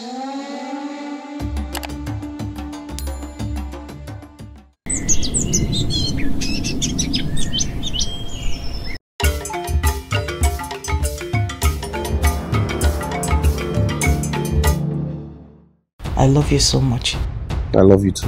I love you so much. I love you too.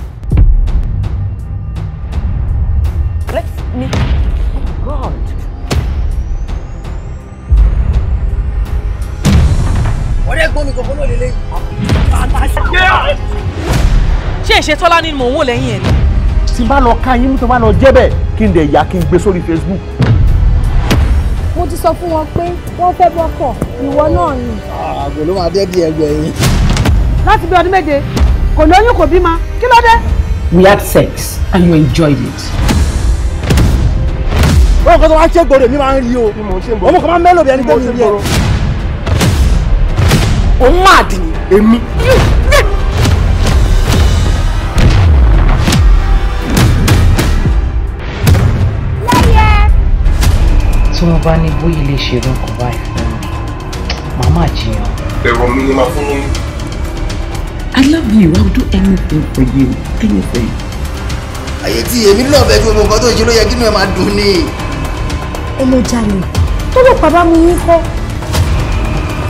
ṣe tọ́lá ni mò ń wò lẹ́yìn ẹ̀ ni. tí n bá lọ ká yín mú tó bá lọ jẹ́ kí n dẹ̀ yà kí n gbé sórí Facebook. mo ti sọ fún wọn pé wọ́n fẹ́ bọ́kọ̀ ìwọ náà ni. àgbẹ̀ ló máa dé bí ẹgbẹ́ yín. láti bí ọdún méje kò lóyún kò bímọ kí ló dé. we had sex and you enjoyed it. wọ́n kọ́ tó wá ṣe gbòòrò mi máa ń rí o ọmọ kan máa ń mẹ́lò bí ẹni pé mi rí ẹ. òun máa dì ní èmi. tí wọ́n bá ní bóyá lè ṣe irú nǹkan báyìí fún mi màmá jiyàn. ẹ̀rọ mi ni màá fún mi. I love you. I will do anything for you. Anything. Ayé tí èmi náà fẹ́ fi ọmọ nǹkan tó ṣe ló yẹ kí inú ẹ máa dùn ni. Ẹlẹ́jà ni tó lè pàbá mu yín kọ́.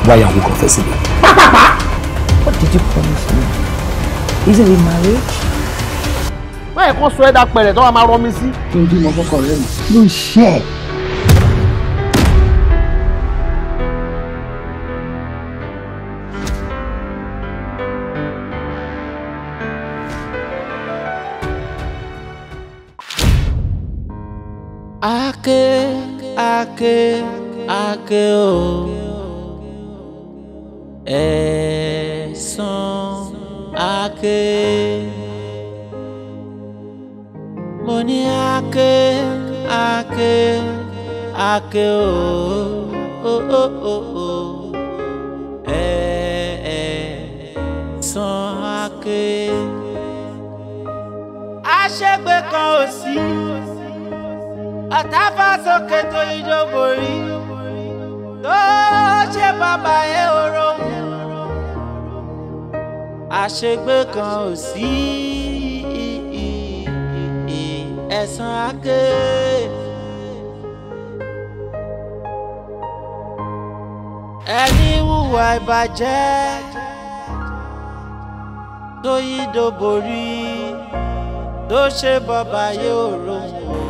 Why are we confessing? Pápápá. What did you promise me? Is it a marriage? Bẹ́ẹ̀ kó sọ ẹ́ dá pẹ̀rẹ̀ tó wà máa rọ mi sí. Kí n bí mo fọkàn rẹ̀ mi. Ló ń ake ake o ẹ̀san ake mo ní ake ake ake o o o ake aṣẹ́gbẹ́ kan ò sí. Atafa fà sókè tó ijó borí tó ṣe bàbá ẹ oró àṣegbé kan ò sí ẹ̀san àké. ẹni wùwà ìbàjẹ́ tó yí doborí tó ṣe bàbá yóò rohùn.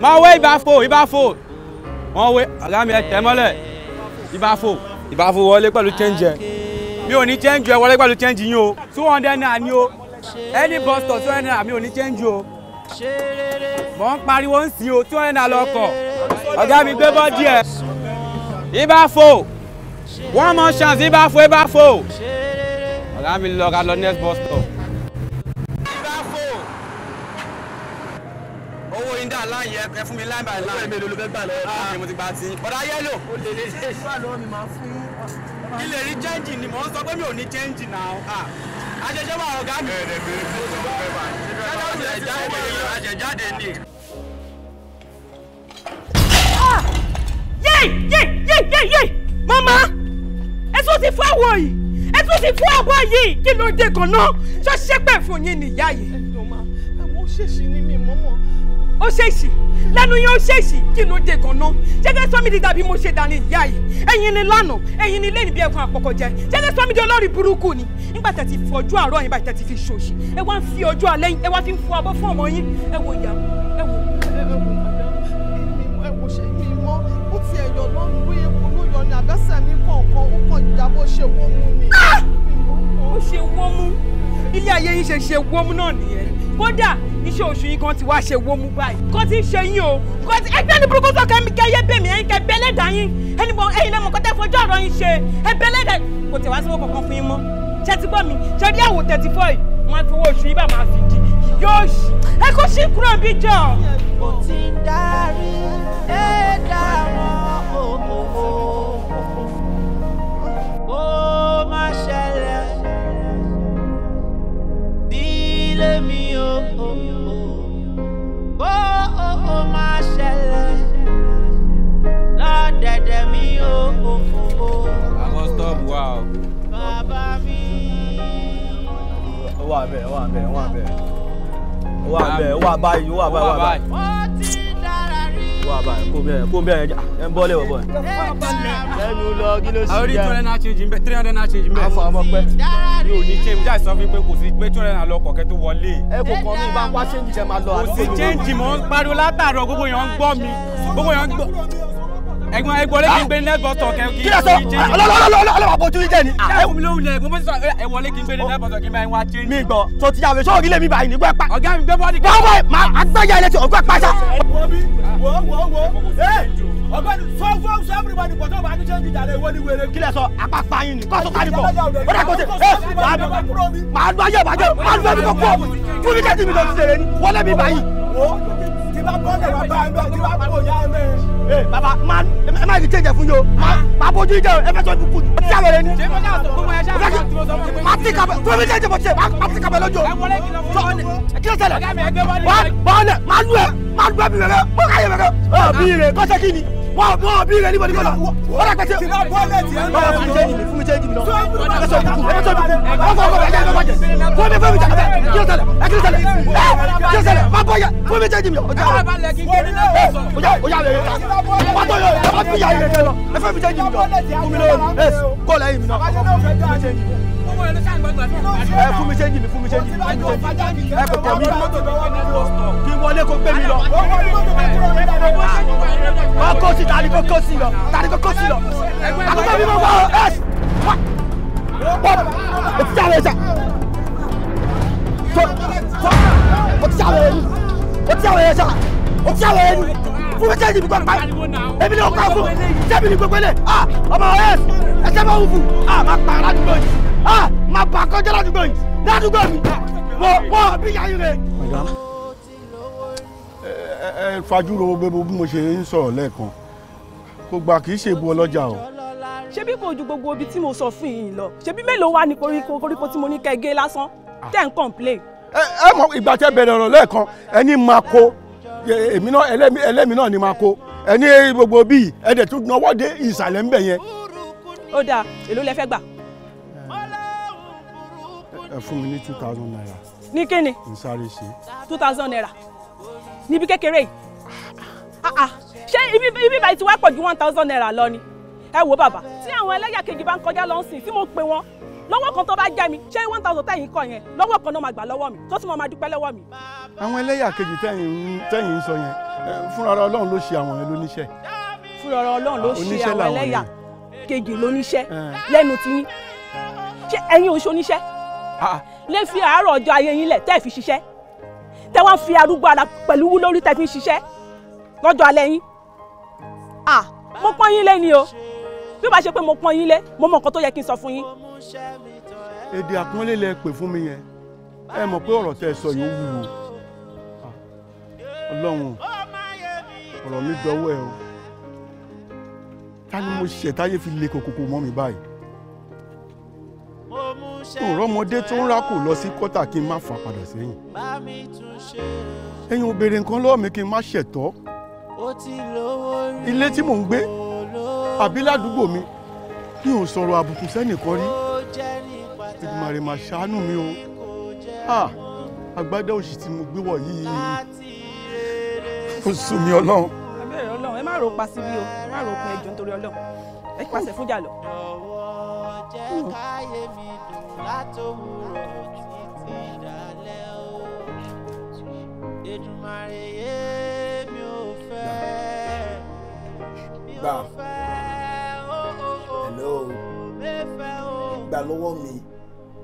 máa wé ibà fò ibà fò wọ́n wé ọ̀gá mi ẹ tẹ̀ mọ́lẹ̀ ibà fò ibà fò wọlé pẹ̀lú chẹ́ǹjì ẹ̀ mi ò ní chẹ́ǹjì ẹ wọlé pẹ̀lú chẹ́ǹjì yín o two hundred naira ni o any bus to two hundred naira mi ò ní change. o mọ̀ ń pariwo ń sìn o two hundred naira lọ́kọ̀ ọ̀gá mi gbé bọ́ọ̀dì ẹ̀ ibà fò one more chance ibà fò ibà fò ọ̀gá mi lọ ká lọ next bus stop. ẹ fún mi line by line. ọ̀rẹ́ mi ló fẹ́ gbà ah, ti gba ti. ọ̀dà yẹ́lò. o lè lè ṣe. ilé rí chẹ́ǹjì ni mò ń sọ pé mi ò ní chẹ́ǹjì náà. àṣẹṣẹ́ wà ọ̀gá mi. ẹ̀ẹ́dẹ̀ mi àṣẹjáde ni. Ah! yéé yéé yéé yéé yéé mama ẹ tún ti fún àwọ̀ yìí ẹ tún ti fún àwọ̀ yìí kí ló dé kan náà ṣọ́ṣẹ́gbẹ̀ fún yín nìyá yìí. ẹ jọ máa ẹ wọ́n ṣèṣì ní mi mọ́mọ́ ó ṣèṣì lẹ́nu yẹn ó ṣèṣì kí inú dé ganan jẹ́gẹ́ sọ́mi dàbí mo ṣe dàní ìyá yìí ẹ̀yin ni lánàá ẹ̀yin ni lẹ́yìn bí ẹ̀kan àpọ̀kọ̀ jẹ jẹ́gẹ́ sọ́mi olórí burúkú ni nígbà tẹ̀ ti fọjú àárọ̀ yín báyìí tẹ̀ ti fi ṣòṣì ẹ wá ń fi ọjọ́ alẹ́ yín ẹ wá fi ń fọ abọ́ fún ọmọ yín ẹ wo ìyá ẹ wo ẹ wo ṣe mi mọ́ ó ti ẹ̀yọ̀ lọ́rùn bóyá kò ló yọ ní àbẹ́sẹ̀ mi kọ̀ọ̀kan ó kàn já bó kódà iṣẹ́ oṣù yìí kan ti wá ṣe wómú báyìí kó ti ṣe yín o kó ti ẹgbẹ́ ní burúkú sọ̀kẹ́ mi kẹ́ yé bèmí ẹ̀yin kẹ́ bẹ́lẹ̀ dà yín ẹni bọ ẹ̀yin lẹ́mọ̀ kọ́tẹ́ fojú ọ̀rọ̀ yín ṣe ẹ bẹ́lẹ̀ dà kò tẹ̀ wá sí kankan fún yín mọ́ ṣe ti gbọ́ mi ṣe rí àwò tẹ̀tí fọ́ yìí wọ́n fi owó oṣù yìí bá máa fi di yóò ṣì ẹ kó ṣì kúrò bí jọ. mo ti ń darí ẹ dá wọn ó ó ó ó ó má ṣẹlẹ̀. lé mi o. Bó o máa ṣẹlẹ̀ lọ́dẹ̀dẹ̀ mi o. Àwọn stọ́ọ̀bù wa o. Bàbá mi. Ó wà bẹ́ẹ̀, ó wà bẹ́ẹ̀, ó wà bẹ́ẹ̀. Ó wà bẹ́ẹ̀, ó wà báyìí, ó wà báyìí, ó wà báyìí wà báyìí kó bẹ́ẹ̀ kó bẹ́ẹ̀ ẹ ń bọ́lẹ̀ wọ̀ bọ̀ lẹ́nu lọ kí ló sì jẹ́. àórí two hundred náà change mbẹ three hundred náà change mbẹ. àfọ ọmọ pẹ. mi ò ní change jáì sọ fún mi pé kò sí pé two hundred náà lọ kọ̀kẹ́ tó wọlé. ẹ kò kàn mí bá wá change jẹ máa lọ. kò sí change mọ́ pariwo látàárọ̀ gbogbo yẹn ń gbọ́ mi gbogbo yẹn ń gbọ́ ẹ̀gbọ́n ẹ̀gbọ́n lè kí n gbé nẹbọtọ kẹ kí n kí n jẹ ọlọlọlọlọ bójú yìí jẹ ni. Ah, ẹ̀wọ̀n mi ló wulẹ̀ ẹ̀gbọ́n bójú sọ ẹ̀wọ̀n lè kí n gbé nẹbọtọ oh, kí n máa jẹ ni. mi gbọ́ tó ti yàwé sọ́ọ̀rì lè mi báyìí nígbà pa. ọ̀gá mi gbé bọ́ọ̀dì kan. báwo ma agbẹ́jà ilé tí pàṣà. wọ́n wọ́n wọ́n wọ́n ọgbẹni fọwọ́ fọwọ́ bá bọ́lẹ̀ wà bá ẹgbẹ́ tí bá kó ya ẹgbẹ́. ẹ bàbá máa ẹ má yìí kéde fún yín o máa bójú ìjẹ ẹ fẹ́ sọ ibi kù ọtí àlọ́ rẹ ni. máa ti kàbẹ tó fi kéde bọ̀ tiẹ̀ máa ti kàbẹ lọ́jọ́. kí ló ṣẹlẹ̀ bọ́ọ̀lẹ̀ máa lù ẹ́ máa gbọ́ bí rẹ̀ mọ́ káyọ̀ rẹ̀ ọ̀ bí rẹ̀ kọ́sẹ́ kí ni mọ́ bí rẹ̀ níbo ni kọ́lá wọ́n rà pẹ̀sẹ̀ báwa fún mi jẹ́ ìdìbò fún mi jẹ́ ìdìbò náà ẹ̀sọ́ ìdìbò ẹ̀sọ́ ìdìbò ọkọ̀ ọkọ̀ ẹ̀jẹ̀ ìdìbò jẹ̀ fún mi fún mi jẹ́ ìdìbò kí ló ṣẹlẹ̀ ẹ̀ kí ló ṣẹlẹ̀ ẹ̀ kí ló ṣẹlẹ̀ má bọ̀ yẹ fún mi jẹ́ ìdìbò ọjà ọjà ọjà rẹ̀ wọ́n tó yọ ẹ̀ wọ́n fi yà ẹ̀ lọ ẹ̀ fún mi jẹ́ ìdìbò kó lẹ́yìn mi náà ẹ fún mi ṣéǹjì mi fún mi ṣéǹjì ẹ kò tẹ̀ mí kí wọlé kó gbé mi lọ. wọ́n kó sí tàbí kó kó sí lọ tàbí kó kó sí lọ àkókò mi mọ̀ wọ́n ẹ̀ pọ́p o ti sáré sá tó tó o ti sáré yẹn o sáré yẹn sá sáré yẹn fún mi sẹ́yìn mi kọ́ pa èmi ni o kọ́ fún sẹ́mi ni gbogbo ilé ah ọmọ ọ̀yẹ́ ẹsẹ̀ máa wù fún ah máa pa aládùúgbò yìí ah máa pa akọ́jọ́ aládùúgbò yìí ládùúgbò mi wọ wọ bí yàrá rẹ. ẹ ẹ fajúro bí mo ṣe ń sọ̀rọ̀ lẹ́ẹ̀kan kò gbà kì í ṣe bu ọlọ́jà o ṣebí kò ju gbogbo ibi tí mo sọ fún yìí lọ ṣebí mélòó wà ní koríko koríko tí mo ní kẹgẹ lásán ah. tẹ n complain. ẹ ẹ mọ ìgbà tẹ bẹ̀rẹ̀ ọ̀rọ̀ lẹ́ẹ̀kan ẹni máa kó èmi náà ẹlẹ́mi ẹlẹ́mi náà ni máa kó ẹni gbogbo bíi ẹ̀dẹ̀ tó náwó dé ìsàlẹ̀ ń bẹ̀ yẹn. ó dáa èló lẹ fẹ́ gbà. ẹ fún mi ní two thousand naira. ní kíni. n sáré ṣe. two thousand naira níbi kékeré yìí ah, ah. ṣé ibi báyìí ti wá pọ̀ ju one thousand naira lọ ni ẹ wo bàbá tí àwọn ẹlẹ́yà kejì bá ń kọjá lọ́sìn tí mo pè wọ́n lọ́wọ́ kan tó bá jẹ́ mi ṣé one thousand tẹ̀yìn kọ yẹn lọ́wọ́ kan náà máa gbà lọ́wọ́ mi tó sì máa dúpẹ́ lọ́wọ́ mi. àwọn ẹlẹ́yà kejì tẹ̀yìn ń sọ yẹn fúnra ọlọ́run ló ṣe àwọn yẹn lóníṣẹ́. fúnra ọlọ́run ló ṣe àwọn ẹlẹ́yà kejì lóníṣẹ́ lẹ́nu tí yín ṣé ẹ̀yin ò ṣoníṣẹ́ lè fi àárọ̀ ọjọ́ ayé yín lẹ̀ tẹ́ẹ̀ fi ṣiṣẹ́ tẹ́ wá fi arúgbó ara pẹ̀lú wú lórí tẹ́ fi ṣiṣẹ́ lọ́jọ́ alẹ́ yín mo pọ́n yín lé ni o bí ó bá ṣe pé mo pọ́n yín lé mo mọ nǹkan tó yẹ kí èdè àpọ́nlé lẹ pè fún mi yẹn ẹ mọ̀ pé ọ̀rọ̀ tẹ sọ yóò wúwo ah, ọlọ́run ọ̀rọ̀ mi dọwọ́ ẹ o ta ni mo ṣẹ̀ táyé fi le kòkòkò mọ́ mi báyìí òrọ́mọdé tó ń rákò lọ sí kọ́tà kí n má fà padà sẹ́yìn ẹ̀yin obìnrin nǹkan lọ́wọ́ mi kí n má ṣẹ̀tọ́ ilé tí mò ń gbé àbí ládùúgbò mi mi ò sọ̀rọ̀ àbùkù sẹ́nìkan rí. Èdùmàrè mà ṣàánú mi o àgbádá òṣì tí mo gbé wọ̀ yìí ó sùn ọlọ́run. abẹ́rẹ́ ọlọ́run ẹ má ro pa síbí o ẹ má ro kun ẹjọ́ nítorí ọlọ́run ẹ pàṣẹ fún jà ọwọ́ jẹ́ káyé mi dùn látòwúrọ̀ títí dalẹ́ o Èdùmàrè yé mi ò fẹ́ mi ò fẹ́ o ò ò mi fẹ́ o. gbà lọ́wọ́ mi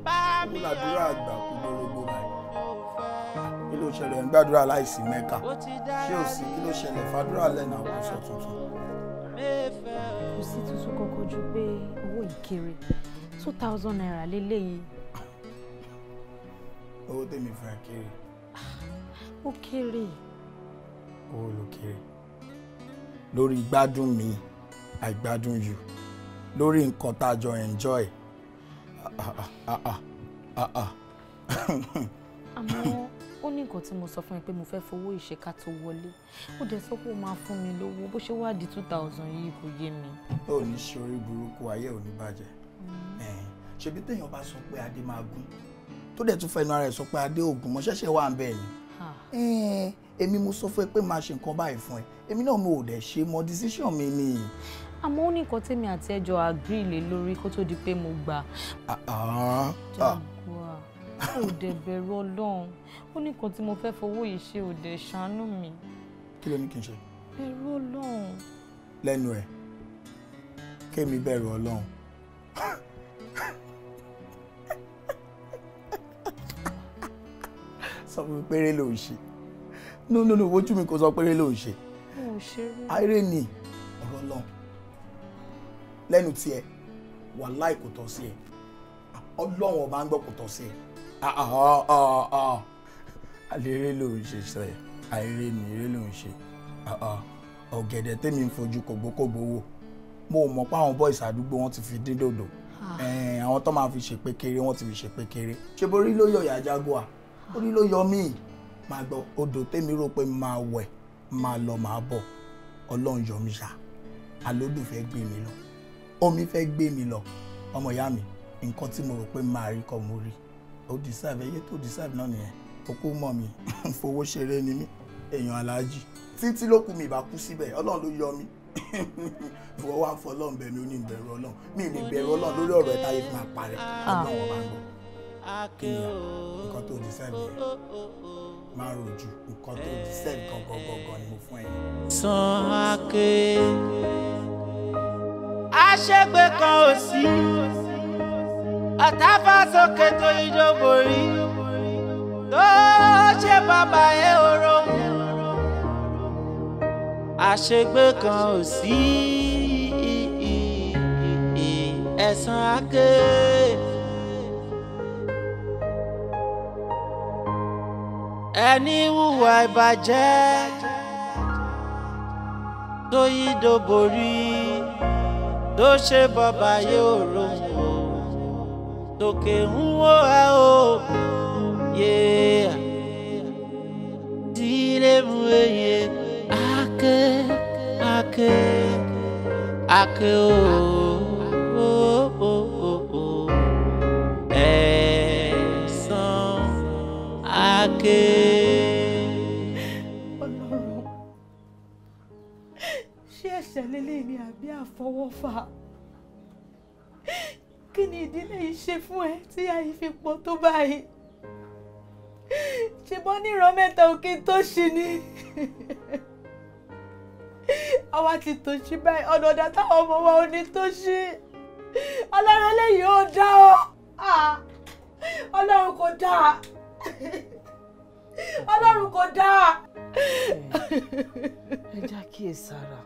kó làdúrà àgbà kú lórógbó báyìí kí ló ṣẹlẹ̀ ń gbàdúrà láìsí mẹ́ka ṣé ò sí kí ló ṣẹlẹ̀ fàdúrà lẹ́nu àwọn aṣọ tuntun. kò sí tuntun kankan ju pé owó yìí two thousand naira lélẹ́yìí. owó tèmi fún ẹ kéré. ó kéré. owó ló kéré lórí gbádùn mi àìgbádùn yìí lórí nǹkan tá a jọ enjoy àmọ́ ó ní nǹkan tí mo sọ fún ẹ pé mo fẹ́ fowó ìṣèkà tó wọlé ó dẹ̀ sọ pé ó máa fún mi lówó bó ṣe wá di two thousand yìí kò yé mi. ó ní sori burúkú ayé ò ní bàjẹ́ mm. ṣebí téèyàn bá sọ pé adé máa gún tó dẹ̀ tún fẹnu ara ẹ̀ sọ pé adé ògùn mo ṣẹ̀ṣẹ̀ wà ń bẹ̀ ni èmi mo sọ fún ẹ pé máa ṣe nǹkan báyìí fún ẹ èmi náà mo ò dẹ̀ ṣe mọ decision mi nìyí àmọ́ ó ní nǹkan tèmi àti ẹjọ́ agree lé lórí kó tó di pé mo gbà. Ah, ah. jaguar ó dẹ̀ bẹ̀rù ọlọ́run ó ní nǹkan tí mo fẹ́ fowó yìí ṣe ò ṣàánú mi. kí ló ní kí n ṣe. bẹ̀rù ọlọ́run. lẹ́nu ẹ̀ kémi bẹ̀rù ọlọ́run. sọ fún mi péré ló ń ṣe no no no ojú mi kò sọ péré ló ń ṣe. mo ò ṣeré. ayé ni ọ̀rọ̀ ọlọ́run lẹ́nu tiẹ̀ wàláì kò tọ́ sí ẹ ọlọ́run ọba ń gbọ́ kò tọ́ sí ẹ. Ah, ah, ah, àlèrè ló ń ṣe sẹ àìrè ni èrè ló ń ṣe ọ̀gẹ̀dẹ̀ tèmi ń fojú kògbókògbó wò mo mọ̀ pé àwọn boys àdúgbò wọn ti fi dín dòdò àwọn tó máa fi ṣèpè kéré wọn ti fi ṣèpè kéré ṣe borí ló yọ ìyá jaguar orí ló yọ míì máa gbọ́ odò tèmi rò pé máa wẹ̀ máa lọ máa bọ̀ ọlọ́run yọ mi ṣá alódùn gbé mi lọ omi fẹ́ gbé mi lọ ọmọ ìyá mi nǹkan tí mo rò pé máa rí kọ́ mo rí ó deserve ẹyẹ tó deserve náà nìyẹn òkú mọ̀ mi fowó ṣeré ni mí èèyàn aláàjì títí ló kù mi ìbá kú síbẹ̀ ọlọ́run ló yọ mi ìwọ wá fọ ọlọ́run bẹ̀ mi ó ní ìbẹ̀rù ọlọ́run mi ì lè bẹ̀rù ọlọ́run lórí ọ̀rọ̀ ẹ̀ta yìí máa parẹ́ ah. ọlọ́run bá ń lọ èèyàn nǹkan tó deserve yẹn máa rojú nǹkan tó deserve gangan gangan ni mo fún ẹ̀yìn. san ake àṣegbè kan ò sí ọ̀tá fásókè tó ijó borí tó ṣe bàbá ẹ oró àṣegbè kan ò sí ẹ̀san àké. ẹni hùwà ìbàjẹ́ tó yí doborí tó ṣe bọ́ba yóò rohùn o tòkè ń wó ẹ o yé dílé mu eye ake ake ake o. Oh, oh, oh, ẹ̀ṣẹ̀ lélẹ́yìn ni àbí àfọwọ́fà kí ni ìdílé yìí ṣe fún ẹ tí àyè fi pọ̀ tó báyìí ṣùgbọ́n nírọ̀ mẹ́ta òkè tó ṣì ni àwa ti tó ṣí báyìí ọ̀nà ọ̀dà táwọn ọmọ wa ò ní tó ṣí ọlọ́run eléyìí ó dá ọ ọlọ́run kò dá ọlọ́run kò dá. ẹ já kíyèsára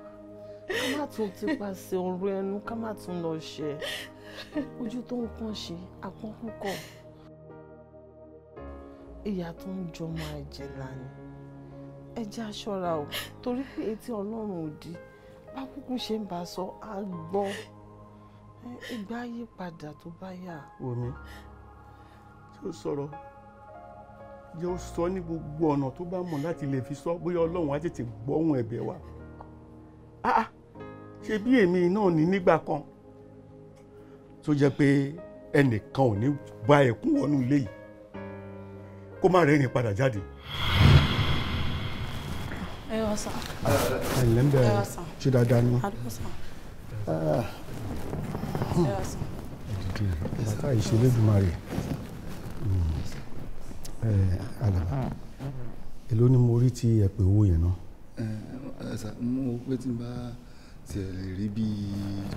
ká má tún tipa ṣe ọ̀rọ̀ ẹnu ká má tún lọ ṣe ojú tó ń pọ́n ṣe apọ́n púpọ̀ ìyá tó ń jọmọ àjẹlá ni ẹ jẹ́ aṣọ́ra o torí pé etí ọlọ́run ò di bá kúkú ṣe ń bá a sọ á gbọ́ ìgbà yí padà tó bá yà. omi tí ó sọ̀rọ̀ yóò sọ ní gbogbo ọ̀nà tó bá mọ̀ láti lè fi sọ bóyá ọlọ́run á tètè gbọ́hùn ẹ̀bẹ̀ wa ṣe bí èmi náà ní nígbà kan tó jẹ́ pé ẹnìkan ò ní bá ẹkún wọnú ilé yìí kó má rẹ́rìn padà jáde. ẹ wá sàn. ẹ ǹlẹ́ ń bẹ̀rẹ̀ ṣé dáadáa ni. Ah. ẹ wá sàn. ẹ àlàbà èló ni mo rí ti ẹ̀pẹ̀ owó yẹn náà. ẹ ẹ sà mo pé tí n bá tí ẹ lè rí bíi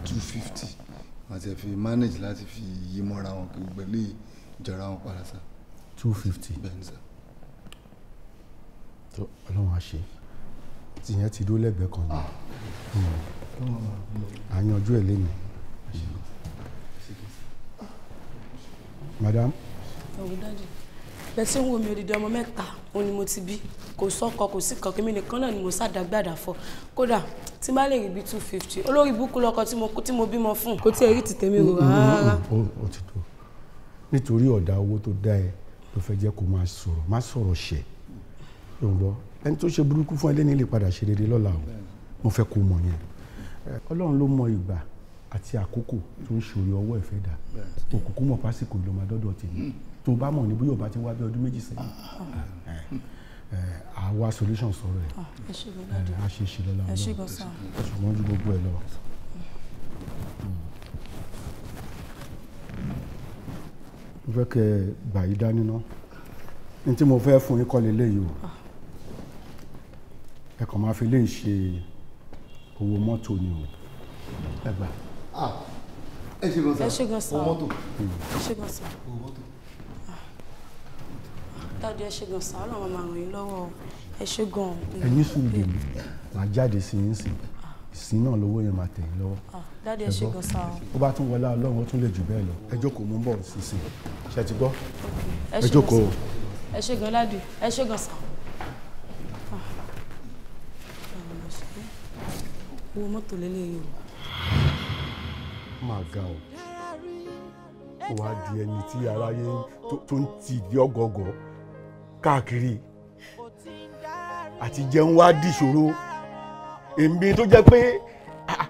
two fifty àti ẹ fi manage láti fi yí mọ́ra wọn kí gbogbo ilé ìjọra wọn padà sá. two fifty bẹ́ẹ̀ni sá. tó ọlọ́run á ṣe tìyẹn ti dúró lẹ́gbẹ̀ẹ́ kan ni ah. à ń yanjú ẹ̀ lẹ́nu. madam. ọ̀gá dájú bẹ́sẹ̀ ń wo mi odidi ọmọ mẹ́ta òun ni mo ti bí kò sọ́kọ kò sí kan kíní nìkan náà ni mo ṣàdágbàdà fọ kódà tí bá lè rí bíi two fifty olórí búkú lọkọ tí mo tí mo bímọ fún kò tí ẹ rí tìtẹ́mi rò rárá. o ti tó nítorí ọ̀dà owó tó dá ẹ ló fẹ́ jẹ́ kó máa sọ̀rọ̀ máa sọ̀rọ̀ ṣẹ̀ ló ń gbọ́ ẹni tó ṣe burúkú fún ẹlẹ́ni lè padà ṣe déédéé lọ́la o mo fẹ́ kó mọ̀ yẹn ọlọ́run ló mọ ìgbà àti àkókò tó ń ṣòro ọwọ́ ìfẹ́ dà òkùnkùn mọ̀ pásíkò ìlọmọdọ́dọ̀ tèmi tó bá mọ̀ ní bóyá ò bá ti wá bí ọdún méjì sẹ́yìn ah. eh, eh, àwa solution sọ̀rọ̀ ẹ̀ ah, eh, a ṣe ṣe lọ́la ọlọ́run ṣùgbọ́n ju gbogbo ẹ̀ lọ. Mm. mo fẹ́ kẹ́ ẹ gbà yí dání ná ní tí mo fẹ́ fún yín kọ́ leléyìí o ah. ẹ kàn máa fi lè ṣe owó mọ́tò ni o ẹ gbà. ẹ ṣe gan sa owó mọ́tò dájú ẹ ṣe gan sá ọlọ́run máa ràn yín lọ́wọ́ ẹ ṣe gan. ẹyin sùn gbèmí màá jáde sí yín sí ìsìn náà lówó yẹn máa tẹ̀ yín lọ́wọ́. Ah, dájú ẹ ṣe gan sá o. ó bá tún wọlé ọlọ́run ó tún lè jù bẹ́ẹ̀ lọ ẹ jókòó mú bọ̀ sísìn ṣe ti gbọ́ ẹ jókòó. ẹ ṣe ládùú ẹ ṣe gan ah. owó mọ́tò lélẹ́yìí o. máa ga o ó wá di ẹni tí aráyé tó ń tì í di káàkiri àti jẹun wá dìṣòro èmi tó jẹ́ pé ah,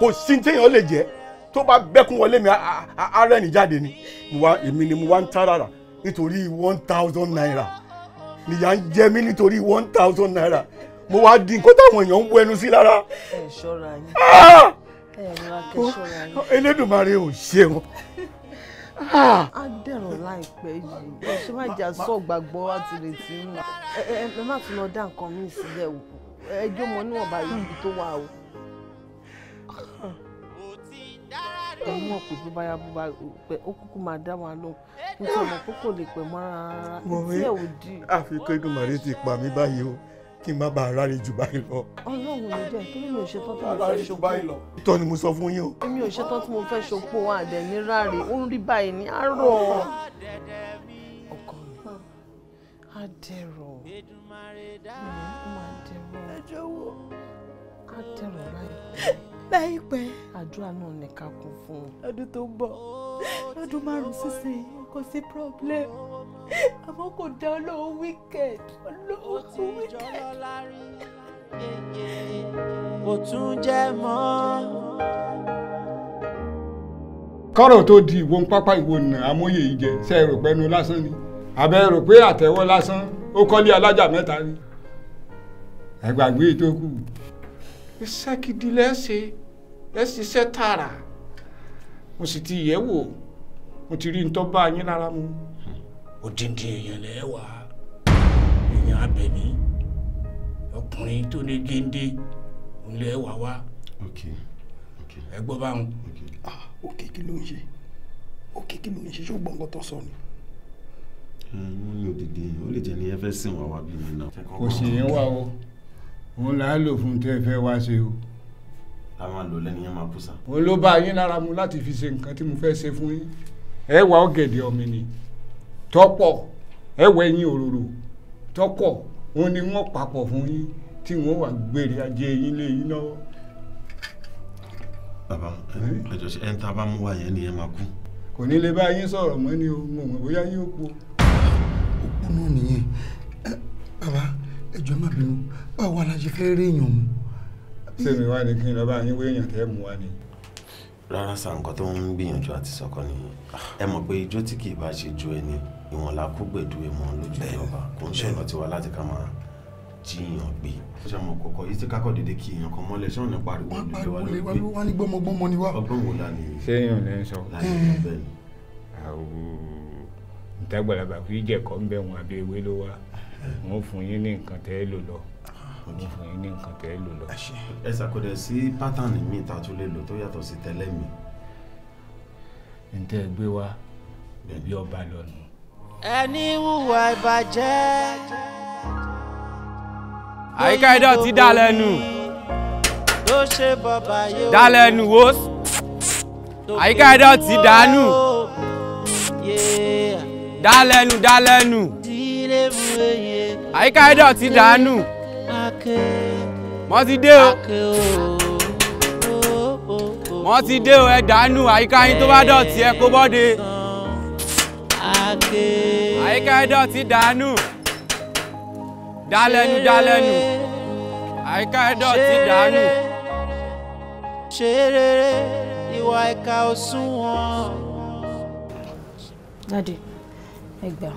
kò sí téèyàn lè jẹ́ tó bá bẹ́kún wọlé mi ah, ah, ara ẹni jáde ni èmi ni mo wá ń tárara nítorí one thousand naira nìyà ń jẹ mí nítorí one thousand naira mo wá di nǹkan táwọn èèyàn ń wọ ẹnu sí lára. ẹ ṣọ́ra yín. ẹ ṣọ́ra yín. Elédùmarè ò ṣe wọn. Ah! á dẹ̀rọ̀ láìpẹ́ yìí ẹ ṣe má jà sọ gbàgbọ́ àti retí ń lọ ẹ má tún lọ dá nǹkan míì sílẹ̀ o ẹjọ́ mọ níwọ̀nba ibi tó wà o. ẹ mọ̀ pé bí báyà bó bá pẹ́ ó kúkú máa dá wa lóhùn nítorí ọmọ kókò lè pẹ́ mọ́ rárá etí ẹ̀ ò dì. àfikún igun màrí ti pa mí báyìí o kí n má bàa ráre jù báyìí lọ. ọlọ́run ló jẹ́ kí mi ò ṣe tán tí mo fẹ́ ṣopó. ìtọ́ ni mo sọ fún yín o. èmi ò ṣe tán tí mo fẹ́ ṣopó àdẹ̀ ní ráre ó rí báyìí ní àárọ̀. ọkọ mi á dẹ̀rọ̀ ó máa dẹ̀rọ̀ á dẹ̀rọ̀ àdúrà náà ní kún fún un. ọdún tó ń bọ̀ ọdún márùn-ún sísìn kò sí problem àmọ́ kò dá ọlọ́wọ́ wicked ọlọ́wọ́ wicked. ó ti jọ lọ lárí tún jẹ́ mọ́. kọ́rọ̀ tó di ìwọ̀n pápá ìwò nà amóye yìí jẹ ṣe é rò pé ẹnu lásán ni àbẹ́ rò pé àtẹ̀wọ́ lásán ó kọ́lé alájà mẹ́ta ni ẹgbàgbé tó kù. iṣẹ́ gidi lẹ́sẹ̀ lẹ́sẹ̀ iṣẹ́ tààrà mo sì ti yẹ̀ wò mo ti rí n tó bá yín lára mu odindi èèyàn lẹ́wà èèyàn abẹ̀mí ọkùnrin tó ní géńdé lẹ́wà wá ẹ gbọ́ báwọn. òkè ah, kí ló ń ṣe òkè kí ló ń ṣe ṣùgbọ́n nǹkan tó sọ ni. wọ́n ní òdìdí ó lè jẹ́ ní ẹ fẹ́ sìn wá wá bí mi náà. kò sì ń wá o òun là á lò fún tẹ́ ẹ fẹ́ wá ṣe o. a máa lò lẹ́nu yẹn máa kú sa. òun ló bá yín lára mu láti fi ṣe nǹkan tí mo fẹ́ ṣe fún yín ẹ wà ọ̀gẹ̀dẹ̀ ọ̀mìnì tọ́pọ̀ ẹ̀wẹ̀ yín òróró tọ́pọ̀ òun ni wọ́n papọ̀ fún yín tí wọ́n wà gbére ajé yín lé yín lọ́wọ́. bàbá ẹjọ ṣe ẹni tá a bá mú wá yẹn ni ẹ máa kú. kò ní lè bá yín sọ̀rọ̀ mọ́ ni o mo mọ̀ bóyá yín ó kú. òkú náà nìyẹn bàbá ẹjọ má bínú báwo la ṣe fẹ́ rí èèyàn mu. sèmi wá ní kí n lọ bá yín wé tẹ́ mú wá ni rárá sá nǹkan tó ń gbìyànjú àti sọkọ nìyí ẹ mọ̀ pé ijó tí kì í bá ṣe ju ẹni ìwọ̀nla kó gbẹ̀dú ẹ̀mọ́ lójú ìjọba kò ń ṣọ̀nà tiwa láti ká máa jiyàn gbé. ṣé àwọn kọkọ yìí ti kákọ dédé kí èèyàn kan mọ́lẹ̀ ṣọ́ọ̀nù pariwo lójú wa lórí pé wọ́n ní gbọ́mọgbọ́mọ ni wá. ọgbọ́n wo la nìyí. sẹ́yìn lè ń sọ. àwọn ìtagbàlagbà fi jẹ̀kọ́ ń bẹ̀ wọn àbí ewé ló wá wọn fún yín ní nǹkan tẹ́ lò lọ òní fún yín ní nǹkan tẹ́ ẹ lò lọ. ẹ ṣàkóso sí pátánì mi ta tún lè lò tó yàtọ̀ sí tẹ́lẹ̀ mi. ǹtẹ́ gbé wá bẹ̀bí ọba lọ́nu. ẹni wúwa ìbàjẹ́. àyíká ìdọ̀tí dá lẹ́nu. ló ṣe bọ́bá yóò. dá lẹ́nu wo. àyíká ìdọ̀tí dànù. dá lẹ́nu dá lẹ́nu. àyíká ìdọ̀tí dànù mo ti dé o mo ti dé o ẹ dànù àyíká yín tó bá dọ̀tí ẹ kó bọ́de àyíká yín dọ̀tí dànù dálẹ́nu dálẹ́nu àyíká yín dọ̀tí dànù. ṣe rere ìwà ìka ò sunwọ̀n. dádì ẹ gbà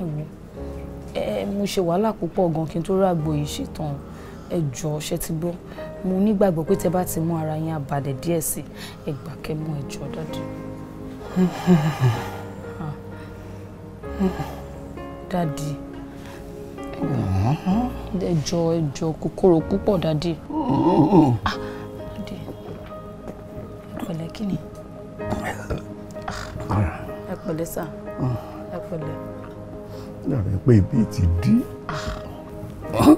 ẹ gbà ẹ mo ṣe wàhálà púpọ̀ gan kí n tó ràgbò yìí ṣetán ẹ jọ ṣe ti gbọ́ mo nígbàgbọ́ pé tẹ bá ti mú ara yín abalẹ̀ díẹ̀ sí ẹ gbà kẹ́ mú ẹ jọ dáadé. Ah. kòkòrò púpọ̀ dáadé. Ah, dáadé pẹ̀lẹ́ kí ni ah, ẹ sà ẹ dàbí pé ibi ti dí ah.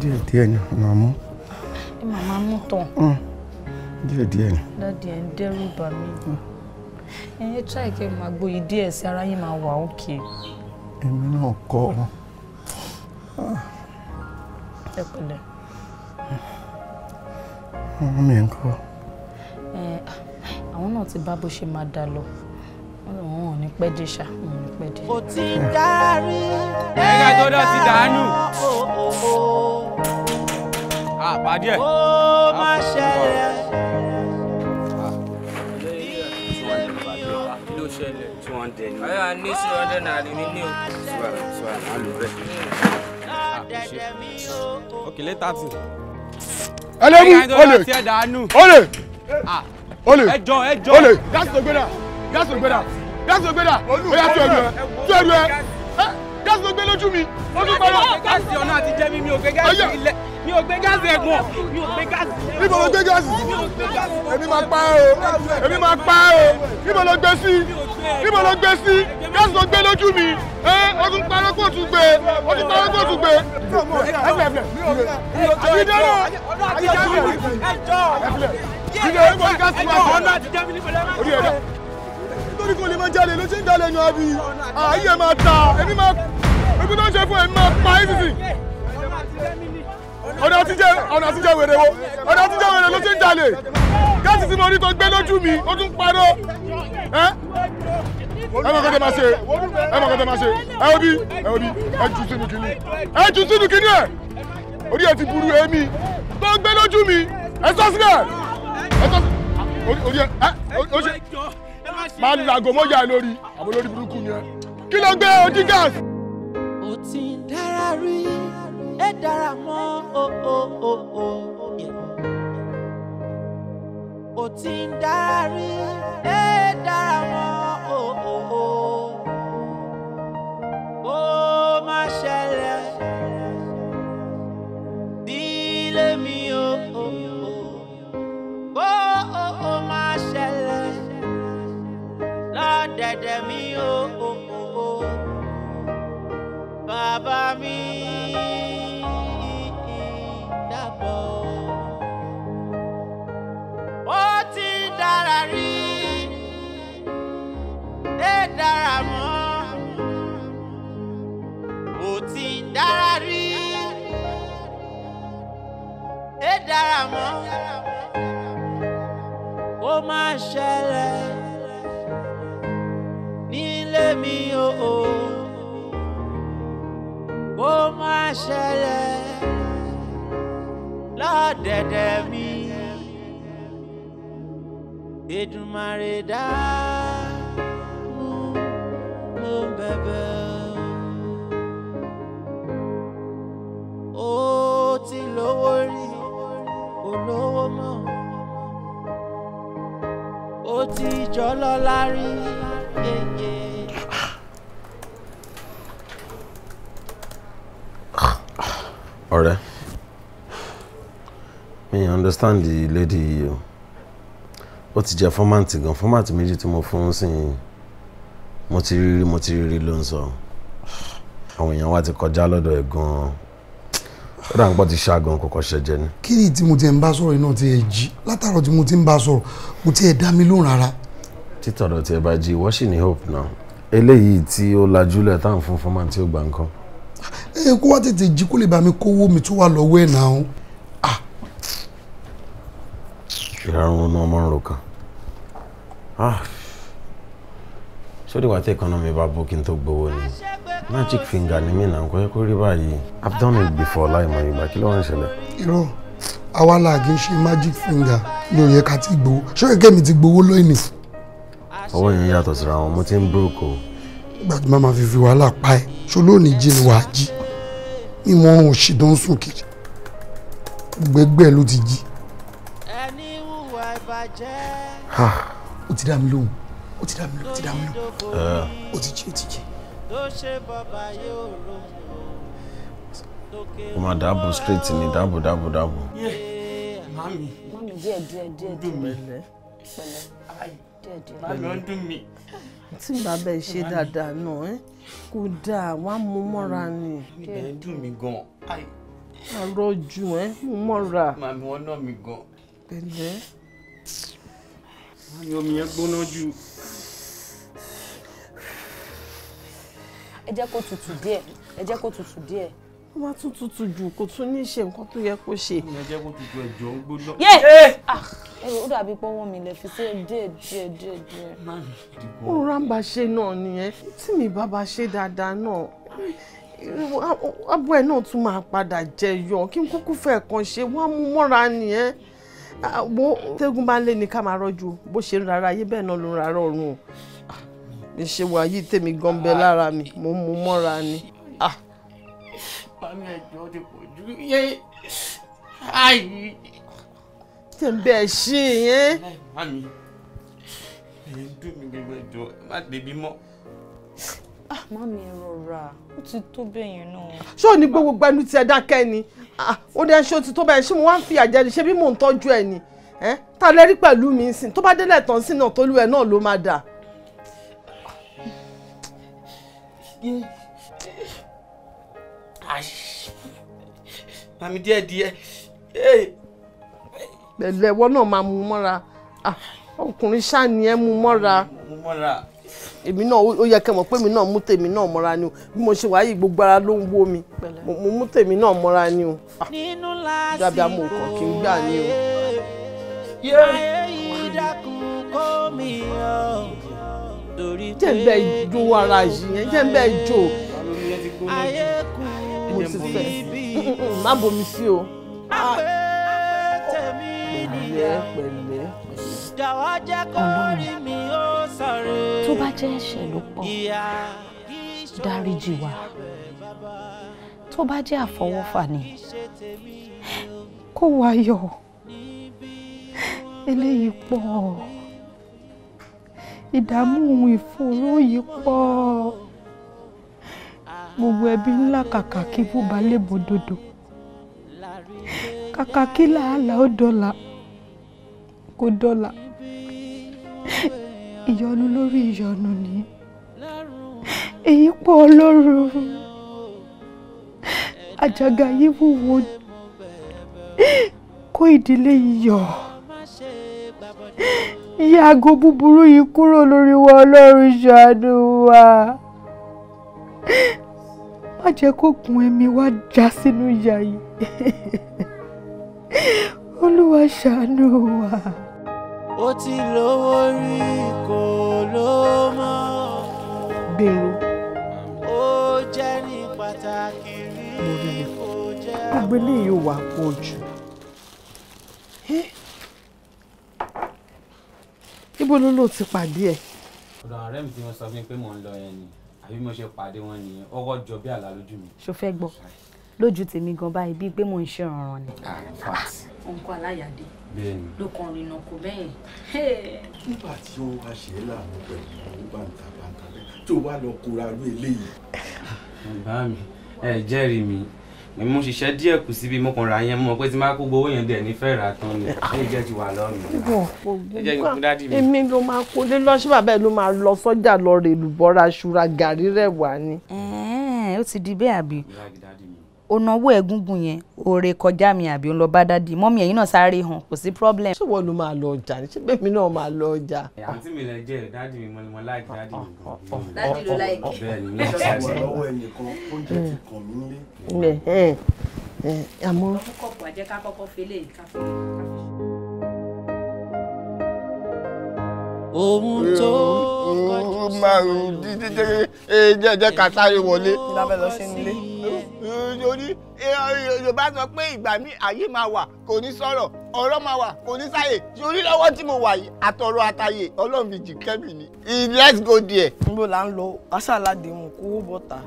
díẹ̀ díẹ̀ ni màá mú. ẹ màmá mú tán. Hmm. díẹ̀ díẹ̀ ni. dáàdi ẹ̀ ń dẹ́rù bà mí. Hmm. ẹ̀yin tíráì kẹ́ máa gboyè díẹ̀ sí ara yín máa wà òkè. èmi náà kọ́ ọ. Ah. ẹ pẹ̀lẹ́. ọmọ mi ń kọ́. àwọn náà ti bá bó ṣe máa dà lọ. Ọlọ́run ò ní pẹ́ dé ṣá ò ní pẹ́ dé. kò tí ń darí ẹ̀ka tó dọ̀ ti dànù. àpàdé ah, ó má ah, ah, ṣẹlẹ̀. two hundred ni. ọ̀yà ní two hundred naira mi ní o. suwara suwara má lò bẹ́ẹ̀. òkèlè tààtì. ẹlẹ́mú olè olè olè olè olè Gas ló gbé dà gáàsì ló gbé dà ó yà tó ẹrù ẹ tó ẹrù ẹ gáàsì ló gbé lójú mi ó tún parọ́. gáàsì ọ̀nà àti jẹ́ mi mi ò gbé gáàsì ilẹ̀ mi ò gbé gáàsì ẹ̀gbọ́n mi ò gbé gáàsì. níbo ló gbé gáàsì sí èmi máa pa ẹ́ o èmi máa pa ẹ́ o níbo ló gbé sí níbo ló gbé sí gáàsì ló gbé lójú mi ẹ ó tún parọ́ kó tún gbé ó tún parọ́ kó tún gbé. àbídọ́rọ̀ àbídọ́rọ̀ ẹjọ́ ọ̀nà àti jẹ́ mi ní pẹ̀lú torí kò lè máa jalè ló ṣe ń dalẹ̀ nu àbí ààyè máa ta èmi máa ebi tó ń ṣe fún èmi máa pa é sísìn. ọ̀nà àtijọ́ ọ̀nà àtijọ́ wèrè wo ọ̀nà àtijọ́ wèrè ló ṣe ń jalè gáàsì tí mo rí tó gbé lójú mi ó tún parọ́ ẹ ẹ mọ̀ kọ́tẹ́ máa ṣe ẹ mọ̀ kọ́tẹ́ máa ṣe ẹ obi ẹ obi ẹ jù sínú kínní ẹ jù sínú kínní ẹ orí ẹ ti burú èmi tó gbé lójú mi ẹ sọ sílẹ̀ ẹ sọ sílẹ̀ orí ẹ ẹ ó ṣe máa lu àgọ́ mọ́jà lórí àwọn olórí burúkú yẹn kí ló gbé ojú gas. ó ti ń dára rí ẹ dára mọ́ o o o o ti ń dára rí ẹ dára mọ́ o o o. ẹlẹ́dẹ̀ mi o o o bàbá mi dàbọ̀. ó ti dára rí dé dára mọ́ ó ti dára rí dé dára mọ́ ó máa ṣẹlẹ̀ mi o bó má ṣẹlẹ̀ lọ́dẹ̀dẹ̀ mi Èdùmàrè dá mú ló ń bẹ̀bẹ̀ o ó ti lówó rí olówó mọ́ ó ti jọ lọ́lá yeye. ọ̀rẹ́ mi understand the lady yìí o ó ti jẹ́ fọ́màtì gan fọ́màtì méjì tí mo fún sí i mo ti rí rí mo ti rí rí ló ń sọ àwọn èèyàn wa ti kọjá lọ́dọ̀ ẹ̀ gan-an ó dà ń pọ̀ ti ṣaagan kọ̀ọ̀kan ṣẹ̀jẹ̀ ni. kí ni tí mo ti ń bá sọ̀rọ̀ iná ti ẹ̀ jí látàrọ̀ tí mo ti ń bá sọ̀rọ̀ mo ti ẹ̀ dá mi lóhùn rárá. títọ̀dọ̀ tí ẹ bá jí ìwọ sì ní hope náà eléyìí tí ó lajúlẹ̀ táwọn funfun máa ti ó gbà ń kọ́. ẹ kó wá tètè jí kó lè bá mi kówó mi tó wà lọ́wọ́ ẹ̀ náà. ìrarun ọmọ ọmọ rò kan sódì wàá tẹ̀kọ́ náà mi bá bókin tó gbowó ni magic finger ni mí nà nǹkan ẹ kó rí báyìí i've done it before láìmọ̀ ìgbà kí ló ń ṣẹlẹ̀. irọ́ àwa làgé ṣe magic finger ní òye ká ti gbowó ṣé kẹ́mi ti gbowó lóyìn nìyí. owó yẹn yàtọ̀ síra wọn mo ti ń broke o. ìgbà tí màmá fi fi wàhálà pa ẹ ṣó lónìí jí ni wàá jí ni wọn ò ṣì tó ń sùn kiri gbẹgbẹ ló ti jí. ẹni wúwa ìbàjẹ́. ó ti dá mi lóhùn ó ti dá mi lóhùn ó ti dá mi lóhùn eh. ó ti jí ó ti jí o máa dáàbò straight ni dáàbò dáàbò dáàbò. mami mami díẹ̀ díẹ̀ díẹ̀ dùn mí pẹ̀lẹ́ mami ó dùn mí. tí bàbá ẹ ṣe dáadáa náà kò dáa wà á mú mọ́ra ni. ibẹ̀ ń dùn mí gan-an. àròjù ẹ mú mọ́ra. mami wọn náà mi gan. pẹ̀lẹ́. mami omi yẹn gbóná jù. ẹ jẹ́ kó tutù díẹ̀ ẹ jẹ́ kó tutù díẹ̀. ó máa tún tutù jù kò tún ní ṣe nǹkan tó yẹ kó ṣe. ẹ jẹ́ kó tutù ẹ̀jọ̀ ń gbóná. yé ẹ ah! ó dàbí pọ́wọ́ mi lè fi sí díẹ̀ díẹ̀ díẹ̀ díẹ̀. ó rà ń bá ṣe náà nìyẹn tí mi bá bá ṣe dáadáa náà abọ́ ẹ̀ náà tún máa padà jẹyọ kí n kúkú fẹ́ kàn ṣe wọ́n á mú mọ́ra nìyẹn ah, wo tẹ́gun bá lé ní ká máa rọ́jú bó ṣe ń rárá ayé bẹ́ẹ̀ náà ló ń rárá ọ̀run o lè ṣe wàyí tèmi gan bẹ lára mi mo mú mọ́ra ni. Ah. mami ẹjọ ti pọ̀ jù yé ayi. tẹ̀m̀bẹ̀ ṣí yẹn. mami èyí Ah, mami ẹ rọra ó ti tó bẹ́yẹn náà. ṣé ò ní gbogbo gbẹnu tí ẹ dákẹ́ ni ah, ó dẹ ṣé ó ti tó bẹ́yẹn ṣé mo wá ń fi àjẹ ni ṣé bí mò ń tọ́jú ẹ ni ta lẹ́rí pẹ̀lú mi sìn tó bá délẹ̀ tán sí náà ẹ náà ló máa dà. mami díẹ̀ díẹ̀. pẹ̀lẹ́ ẹ̀wọ́ náà máa naa ma ah, ọkùnrin ṣáà ah ẹ mú mọ́ra èmi náà ó yẹ kẹ́ mọ̀ pé èmi náà mú tèmi ni o bí mo ṣe wáyé gbogbo mi mora ni o ah, nínú láti gbàgbé àmọ́ òkàn kì í ni jẹ́ ń bẹ́ jó ara yìí yẹn jẹ́ ń bẹ́ jó mo ti fẹ́ má bomi sí o. pẹ̀lẹ́ pẹ̀lẹ́. ọlọ́run tó bá jẹ́ ẹ̀ṣẹ̀ ló pọ̀ dáríjì wá tó bá jẹ́ àfọwọ́fà kó wá yọ̀ eléyìí pọ̀ ìdààmú ohun ìfòòró yìí pọ̀ gbogbo ẹbí ńlá kàkà kí búba lébododo kàkà kí làálàá ó dọ̀là kó dọ̀là ìyọnu lórí ìyọnu ni èyí pọ̀ ọlọ́run àjàgà yìí wúwo kó ìdílé yìí yọ̀ yí aago búburú yìí kúrò lórí wa ọlọ́run ṣàánú wa má jẹ́ kókun ẹ̀mí wa já sínú ìyà yìí olúwa ṣàánú wa. ó ti lówó rí kò ló mọ̀. gbèrò. ó jẹ́ ní pàtàkì rí kò jẹ́ mọ́. agbélé wà pọ̀ jù. ibo ló lò ti pàdé ẹ̀. ọ̀dọ̀ ọ̀rẹ́ mi tí wọ́n sọ fún mi pé mò ń lọ yẹn ni àbí mo ṣe pàdé wọn nìyẹn ọwọ́ jọ bí àlá lójú mi. ṣo fẹ́ gbọ́ lójú tèmi gan báyìí bíi pé mò ń ṣe ọ̀ràn ni. Ah, òǹkọ aláyàdé ló kàn rìnnà kò bẹ́yìn. nígbà tí ó wá ṣe é láàánú pẹ̀lú àwọn bàǹtà bàǹtà bẹ́ẹ̀ tó wá lọ kóra ló eléyìí. bá mi ẹ jẹ́rìí mi mi mo ṣiṣẹ́ díẹ̀ kù síbi mo kàn ra yẹn mo mọ̀ pé tí máa kó gbowó yẹn dẹ̀ ní fẹ́ ra tán ni ẹ jẹ́ ti wà lọ́ọ̀mì. èmi ló máa kó lé lọ sí bàbá ẹ ló máa lọ sọ́jà lọ rè lùbọ́ra ṣura gàrí rẹ̀ wá ni. ó ti di bẹ́ẹ̀ àbí ó náwó ẹ̀gúngún yẹn oore kọjá mi àbí ó ń lọ bá dádì mọ́mí ẹ̀yin náà sáré hàn kò sí problem. ṣé wọn ló máa lọ ọjà ní ṣé bẹ́ẹ̀ mi náà máa lọ ọjà. àǹtí mi lè jẹ dádì mi mo mo láì dádì mi. dádì ló láì kí. bẹ́ẹ̀ ni mi ò sáré. ọwọ́ lọ́wọ́ ẹnìkan oúnjẹ ti kàn mí nílé. àmọ́. ọkọ̀ kọ̀ọ̀pù àjẹká kọ́kọ́ fẹ́lẹ̀ káfíń. ohun tó kọjú sí. máa ń dídí jẹ́ jẹ́ kàtàrí wọlé. ìlàbẹ̀ lọ sí nílé orí yorùbá sọ pé ìgbà mi ayé máa wà kò ní sọ̀rọ̀ ọ̀rọ̀ máa wà kò ní sáyè sórí lọ́wọ́ tí mo wà yìí àtọ̀rọ̀ àtàyè ọlọ́run fi jì kẹ́mi ni let's go there. níbo là ń lọ aṣáàládé mu kówó bọ́tà.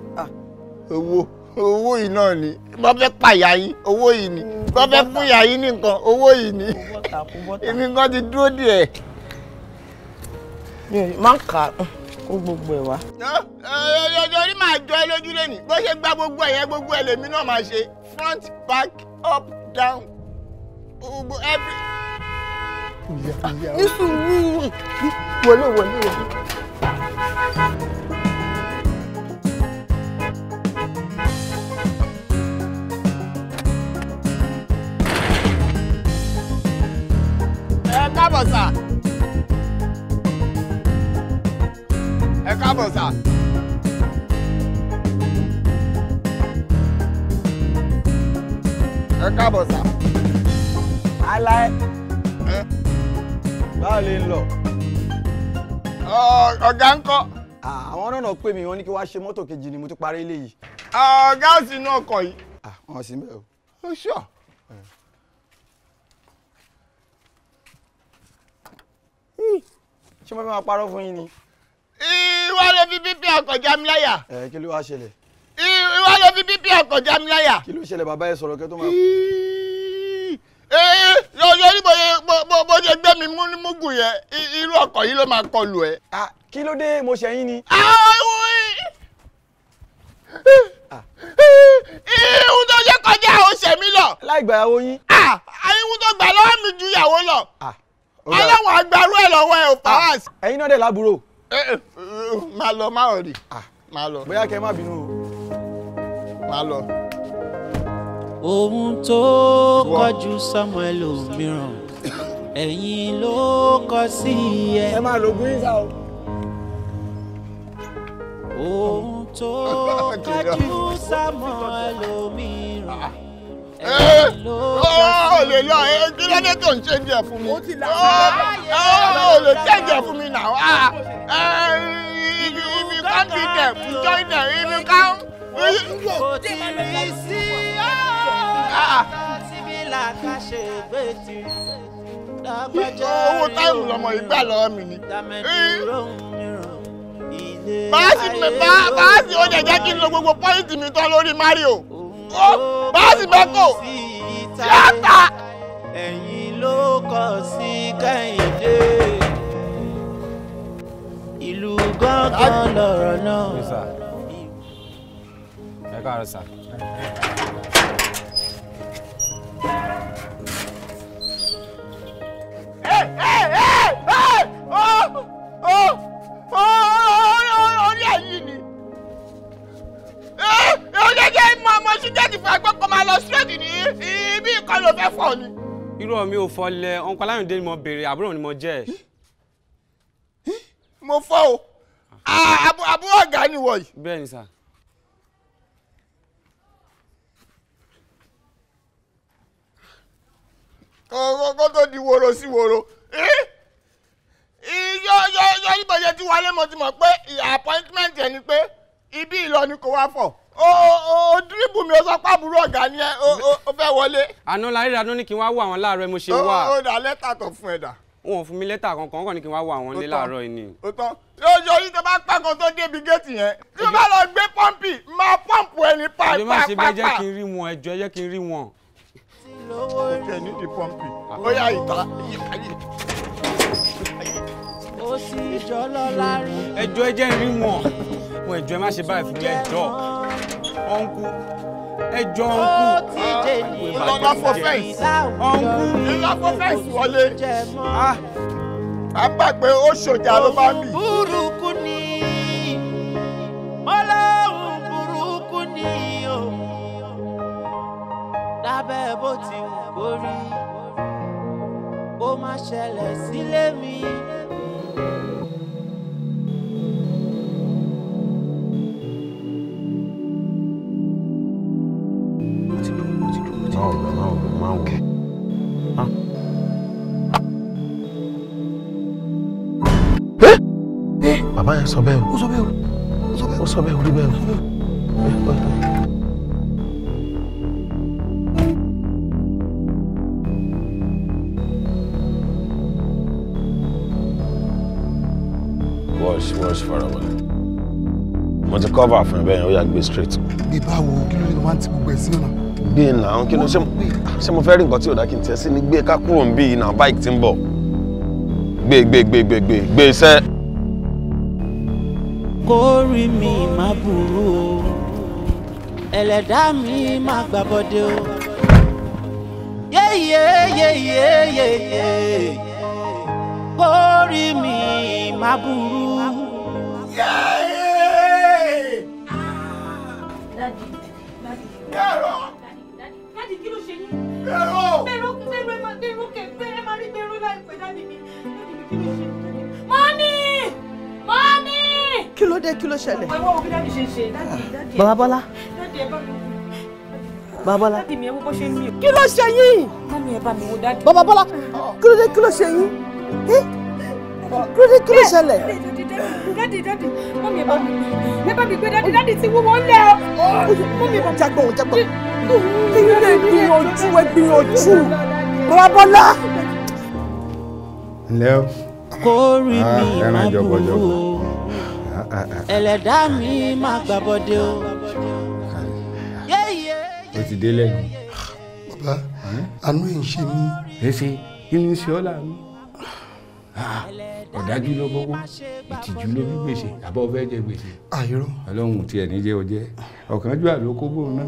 owó owó yìí náà ni wọ́n fẹ́ pàyà yín owó yìí ni wọ́n fẹ́ fúnyà yín ní nǹkan owó yìí ni èmi kan ti dúró díẹ̀. má kà á kó gbogbo ẹ̀ wá. orí máa jọ ẹ lójú lẹ́nu bó ṣe gba gbogbo ẹ̀yẹ gbogbo ẹ̀ lèmi náà máa ṣe front back up down gbogbo every. ní sùúrù wọlé wọlé wọlé. ẹ káàbọ̀ sà. ẹ káàbọ̀ sà. ẹ káàbọ̀ sà. aláì. báwo lè ń lọ. ọ̀gá ń kọ́. àwọn náà pè mí wọ́n ní kí wàá ṣe mọ́tò kejì Ah, mo ti parí eléyìí. ọ̀gá ò sí inú ọkọ̀ yìí. wọ́n sì o. ó ṣọ́. ṣé mo fẹ́ máa ìwà ló fi bíbí àkọjá mi láyà. ẹ kí ló wá ṣẹlẹ̀. ìwà ló fi bíbí àkọjá mi láyà. kí ló ṣẹlẹ̀ bàbá yẹn sọ̀rọ̀ kẹ́ tó máa. ee lórí bó ṣe gbé mi mú ní múgù yẹn irú ọkọ̀ yìí ló máa kọlù ẹ. kí ló dé mo ṣẹ̀yìn ni. àwọn ihun tó ṣe kọjá ó ṣe mí lọ. láì gbà yàwó yín. ihun tó gbà lọ́wọ́ mi ju ìyàwó lọ. ọlọ́wọ́n agbárú ẹ̀ lọ́wọ́ ẹ̀ ò pàwọ́ àṣì. ẹ̀yin náà dẹ̀ lábúrò. Eh, máa lọ máa rì ah, máa lọ. bóyá kẹ́ ẹ má bínú o. máa lọ. ohun tó kọjú Samuel mìíràn ẹ̀yin ló kọ sí ẹ. ẹ máa lo gúrísà o. ohun tó kọjú Samuel mìíràn. Ah ó lè lọ ẹ kí ló dé tó ń ṣe jẹ fún mi ó lè ṣe jẹ fún mi náà ibi ibi kan ti dẹ̀ fún join dẹ̀ ibi kan. ìsì owó táìmù lọmọ ìgbà lọ́wọ́ mi ni báàsì ó dẹ̀ jẹ́ kí n lo gbogbo pọ́ìntì mi tán lórí Mario báàsì mẹ́kò tíátà. ẹ̀yìn ló kọ sí kẹ́hìndé ìlú gángan lọ̀rọ̀ náà. ẹ káàárọ̀ sà. Hey, hey, hey, hey! Oh! Oh! ọmọ ṣúgẹ́tì fún ẹgbẹ́ kan máa lọ straight ní ibi ìkọlù òfẹ́ fọ̀ ni. irú ọ̀mí ò fọlẹ̀ ọ̀nkọ́ aláyọ̀dé ni mo béèrè àbúrò ni mo jẹ́ mo fọ́ o àbúrò ọ̀gá ni wọ̀nyí. bẹ́ẹ̀ sà. kó tó di woro sí woro yọ yọ yọ níbo yẹ ti wọlé mo ti mọ̀ pé appointment ẹ ni pé ibi ìlọ ni kò wá fọ̀ o dírìbù mi o sọ pàbùrù ọ̀gá ni ẹ o fẹ́ wọlé. àná la ríra ló ní kí n wá wọ àwọn láàárọ̀ mo ṣe wá. o dà lẹ́tà tó fún ẹ dà. wọn ò fún mi lẹ́tà kankan kàn ní kí n wá wọ àwọn ilé láàárọ̀ yìí ni. o tán tí o yọ yìí tó bá pa kan tó débi géètì yẹn tí o bá lọ gbé pọ́ǹpì máa pọ́ǹpù ẹni pa pa pa. ẹ má ṣe bẹ́ẹ̀ jẹ́ kí n rí wọn ẹjọ́ jẹ́ kí n rí wọn. ó kẹ́ ní di pọ́ǹpì ó yà ìta ìta yìí ó ti jọ lọ́la rí. ẹjọ́ ẹ jẹ́ ń rí wọn wọn ẹjọ́ ẹ má ṣe báyìí fún mi ẹjọ́ ọ̀nkú ẹjọ́ ó ti jẹ nìyẹn lọ́la fọ fẹ́ǹsì ọ̀nkú lọ́la wọlé. Ah. a gbà pé ó ṣòjà ló bá bì. burúkú ni ọlọ́run burúkú ni o lábẹ́ bó ti wù kó ó má ṣẹlẹ̀ sílé mi bàbá yẹn sọ bẹ́ẹ̀ o ó sọ bẹ́ẹ̀ o ó sọ bẹ́ẹ̀ o rí bẹ́ẹ̀ o. ṣe wọ́n ṣe fara wọlé mo ti cover fún ẹ bẹ́ẹ̀ yẹn ó yà gbé straight. bí báwo kí ló lè máa ti gbogbo ẹ̀ sí ọ̀nà. gbé e náà kí ló ṣe mo fẹ́ rí nǹkan tí ò kí n tiẹ̀ sí ni gbé e ká kúrò ń iná bike ti ń bọ̀ gbé e, gbé e, gbé gbé gbé gbé iṣẹ́. kórìí mi má burú o ẹlẹ́dá mi má gbàbọ̀dé o yéyéyéyéyé kórìí mi má burú o. Kẹ̀rọ. Dádì kí ló ṣe yín? Kẹ̀rọ. Bẹ́ẹ̀rù bẹ́ẹ̀rù ẹ máa bẹ́ẹ̀rù kẹ̀fẹ́ ẹ máa rí bẹ́ẹ̀rù láìpẹ́ dádì mi. Dádì mi kí ló ṣe yín? Mọ́mí! Mọ́mí! Kí ló dé kí ló ṣẹlẹ̀? Ẹ wọ́n wo bí dádì ṣe ṣe. Dádì dádì. Bàbá Bọ́lá. Dádì ẹ bá mi. Bàbá Bọ́lá. Dádì mi ẹ wo bó ṣe ń mí o. Kí ló ṣe yín? Mọ́mí ẹ bá mi wo dádì. Bàbá Bọ́lá kí ló dé kí ló ṣe yín? Kí ló dé kí ló ṣẹlẹ̀? dádì dádì mọ́mí ẹ bá mi gbé ẹ bá mi gbé dádì dádì ti wúwo ńlẹ̀ o mọ́mí ẹ bá mi. jagbọn jagbọn inú lè gbìyànjú ẹ gbìyànjú bọlábọlá. ǹlẹ́ o kórì ah, ah, ah, mi má burú o ẹlẹ́dá mi má gbàbọ̀dé o. o ti délẹ̀ ni. bàbá àánú ẹ̀ ń ṣe mí. èsì kí ni ṣe ọ́ làánú ọ̀dájú ló gbogbo ìtìjú ló bí gbèsè àbọ̀ fẹ́ jẹ gbèsè. àyọrọ. ọlọ́run tiẹ̀ níjẹ́ ọjẹ́ ọ̀kánjúwà ló kó bóun náà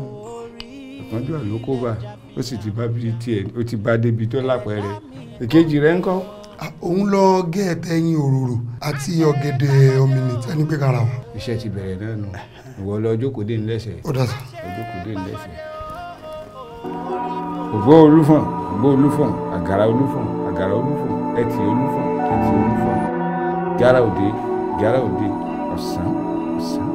ọ̀kánjúwà ló kó bá ó sì ti bá bíi tiẹ̀ ó ti bá débi tó lápẹẹrẹ ìkejì rẹ̀ ń kọ́. òun lọ gé ẹtẹyin òróró àti ọ̀gẹ̀dẹ̀ ọ̀mìnìtà ní pé kára wa. iṣẹ́ ti bẹ̀rẹ̀ náà nù ìwọ lọ jókòdé ńlẹ́sẹ̀. ó dà sá. jókòdé ńlẹ́sẹ̀. ògbó olúfọ̀n ògbó olúfọ̀n àgàrà olúfọ̀n àgàrà olúfọ̀n ẹtì olúfọ̀n ẹtì olúfọ̀n. Garaldi, Garaldi, Ossan, Ossan.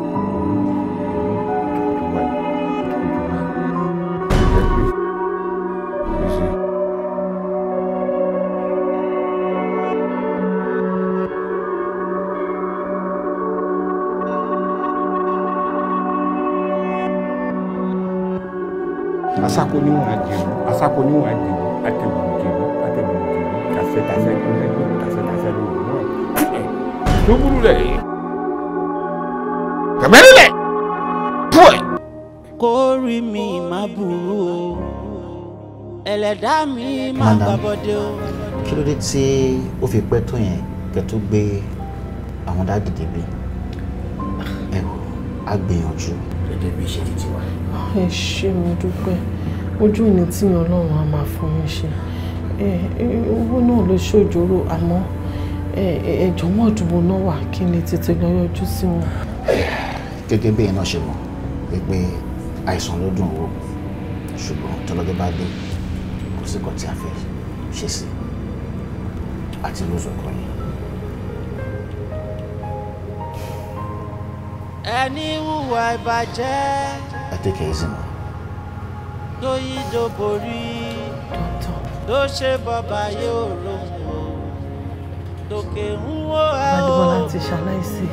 ẹlẹ́dá mi máa gbà bọ́dé o. kí ló dé tí ó fi pẹ́ tó yẹn kẹ́ tó gbé àwọn dáàdì débi ẹ wò á gbìyànjú. gẹ́gẹ́ bí iṣẹ́ títí wa. ẹ ṣé mo dúpẹ́ ojú ìní tí mi ọlọ́run á máa fún mi ṣe owó náà ló ṣòjòrò àmọ́ ẹ̀jọ̀ mọ̀ dùbò náà wà kí n lè tètè lọ yọjú sí wọn. gẹ́gẹ́ bí ẹ̀ náà ṣe mọ̀ wípé àìsàn ló dùn wò ṣùgbọ́n tọ́lọ́dẹ́ bá dé sí nǹkan tí a fẹ́ ṣe sí àti lóṣù kan yìí. ẹni hùwà ìbàjẹ́. ẹ tẹ́kẹ̀ ẹ́ sì mọ́. tó yí dòbòrí tó ṣe bọ́bá yóò lóhùn o lókè ń wó ẹ o. Adébọ́lá ti ṣaláìsí.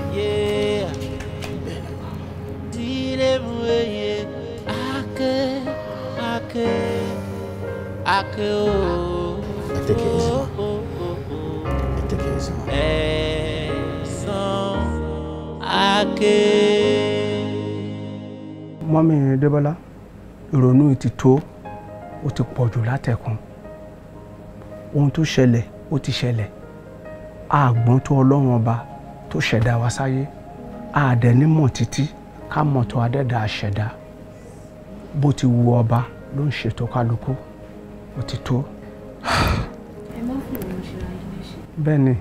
Dílé mu eye ake ake. Ake o. Ẹ take it easy ma. Ẹ take it easy ma. Ẹ̀san Ake. Mọ́mí Débọ́lá, ìrònú ti tó, ó ti pọ̀ jù látẹ̀kùn. Ohun tó ṣẹlẹ̀, ó ti ṣẹlẹ̀. Àgbọ̀n tó Ọlọ́run ọba tó ṣẹ̀dá wa sáyé. Àdẹ̀nímọ̀ títí ká mọ̀ tó adẹ́dàá ṣẹ̀dá. Bó ti wu ọba ló ń ṣètò kálukú ó ti tó. ẹ má fi òun ṣe ara yín léṣe. bẹ́ẹ̀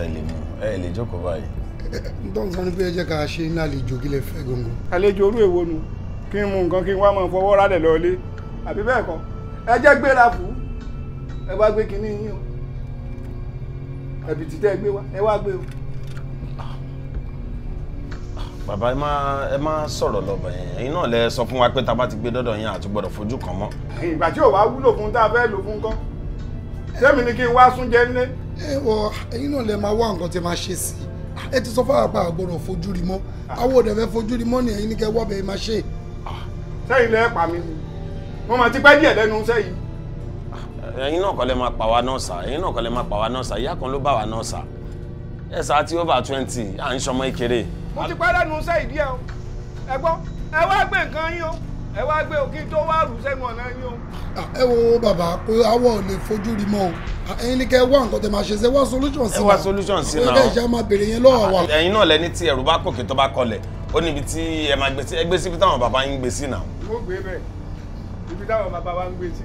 tẹ lè mú ẹ lè jókòó báyìí. ntọ́ nǹkan ni pé ẹ jẹ́ ká ṣe ní àlejò kí lè fẹ́ gbọ̀ngàn. àlejò orú èwo nu kí n mú nǹkan kí n wá máa fọwọ́ rálẹ̀ lọ́ọ́lé àbí bẹ́ẹ̀ kọ́ ẹ jẹ́ gbéra fù ú ẹ wá gbé kinní yín o ẹ̀bìtì tẹ́ ẹ gbé wá ẹ wá gbé o. bàbá ẹ máa ẹ máa sọ̀rọ̀ lọ́bọ̀ yẹn ẹ̀yin náà lẹ sọ fún wa pé tá a bá ti gbé dọ́dọ̀ yẹn àtúgbọ̀dọ̀ fojú kan mọ́. ìgbà tí ò wá wúlò fún tá a fẹ́ lò fún kọ́ sẹ́mi ni kí n wá sún jẹ́ ẹ eh, wọ ẹ̀yin náà lè máa wá nǹkan tí ẹ máa ṣe sí ẹ ti sọ fáwọn apá àgbọ̀rọ̀ fojú rí mọ́ ah. àwọn òde fẹ́ fojú rí mọ́ ni ẹ̀yin ní kẹ́ wọ́ bẹ́ẹ̀ máa ṣe. Ah, sẹ́yìn lẹ́ pa mi wọ́n máa ti pẹ́ díẹ̀ lẹ́nu sẹ́yìn. Ah, ẹ̀yin náà kọ́ lè máa pa wá náà sà ẹ̀yin náà kọ́ lè máa pa wá náà sà ìyá kan ló bá wá náà sà ẹ sà ti over twenty à ń ṣọmọ ìkéré. mo ti pẹ́ lẹ́nu sẹ́yìn díẹ̀ o ẹ gbọ́ ẹ wá gbé yín o ẹ wá gbé òkín tó wá rù sẹ́gun ọ̀nà yín o. Ah, ẹ wo bàbá kó lè fojú rí mọ́ o ah, ẹ̀yin ni kẹ́ wá nǹkan máa ṣe ṣe wá solution sí náà ẹ wá solution sí náà ẹ máa yẹn lọ́wọ́ wa. Ah, ẹ̀yin náà lẹni tí ẹrù bá kòkè tó bá kọlẹ̀ ó níbi tí ẹ máa gbé bàbá yín gbé náà. mo gbé ibi táwọn bàbá wa ń gbé sí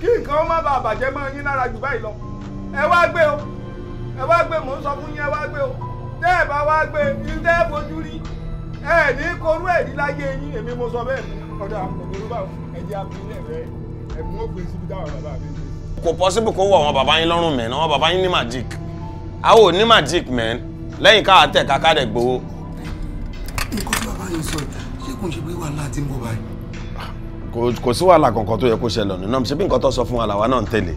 kí nǹkan má bàa bàjẹ́ mọ́ yín lára jù báyìí lọ ẹ wá gbé o ẹ wá gbé mò ń sọ fún yín ẹ wá gbé o tẹ́ ẹ bá wá gbé ní fojú rí ẹ ní korú ẹ̀rí láyé yín èmi mo sọ bẹ́ẹ̀ ọ̀dà òkúrú báwo ẹ̀jẹ̀ abúlé rẹ ẹ̀mú ó gbé síbi táwọn bàbá mi kò possible kó wọ àwọn bàbá yín lọ́rùn mẹ́ẹ̀ náà àwọn bàbá yín ní magic àwọn ò ní magic mẹ́ẹ̀ lẹ́yìn káà tẹ̀ káká dẹ̀ gbowó. nǹkan tí bàbá yìí sọ ṣé kò ń ṣe pé wàhálà ti ń bọ̀ báyìí kò sí wàhálà kankan tó yẹ kó ṣẹlẹ̀ nínú ṣé bí nǹkan tó sọ fún wa làwa náà ń tẹ̀lé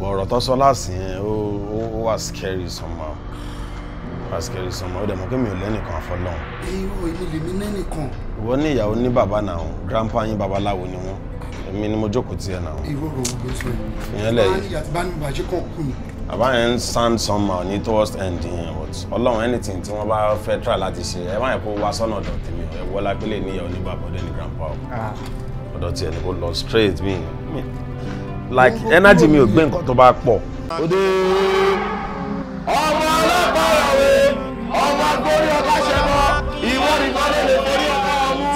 bọ̀ ọ̀rọ̀ tó sọ lásìn yẹn ó wà scary somehow wà scary somehow ó dẹ̀ mọ̀ pé mi ò lẹ́nìkan àfọlọ́hún. ìwọ èmi lèmi lẹ́nìkan. ìwọ ní ìyàwó ní bàbá náà grandpa yín babaláwo ni wọn èmi ni mo jókòó tiẹ̀ náà. ìwọ rò wọ́n sọ yìí. ìyẹn lẹ́yìn. báyìí àti báyìí bàjẹ́ kan kù ni. àbá yẹn ń somehow ní towards end yẹn but ọlọ́run anything tí wọ́n bá fẹ́ try láti ṣe ẹ má yẹ kó wá sọ́nà ọ̀dọ̀ tèmi ẹ̀ wọ́lá pélé níyàwó ní bàbá ọ̀dọ̀ ní grandpa ọ̀dọ̀ tiẹ̀ ni kò lọ straight mi like energy mi ò gbé nǹkan tó bá pọ̀. ọmọ ọlọ́pàá ìyàwó ọmọ agbórí ọba ṣẹlọ ìwọ nìkan lè lè borí ọba ọmú.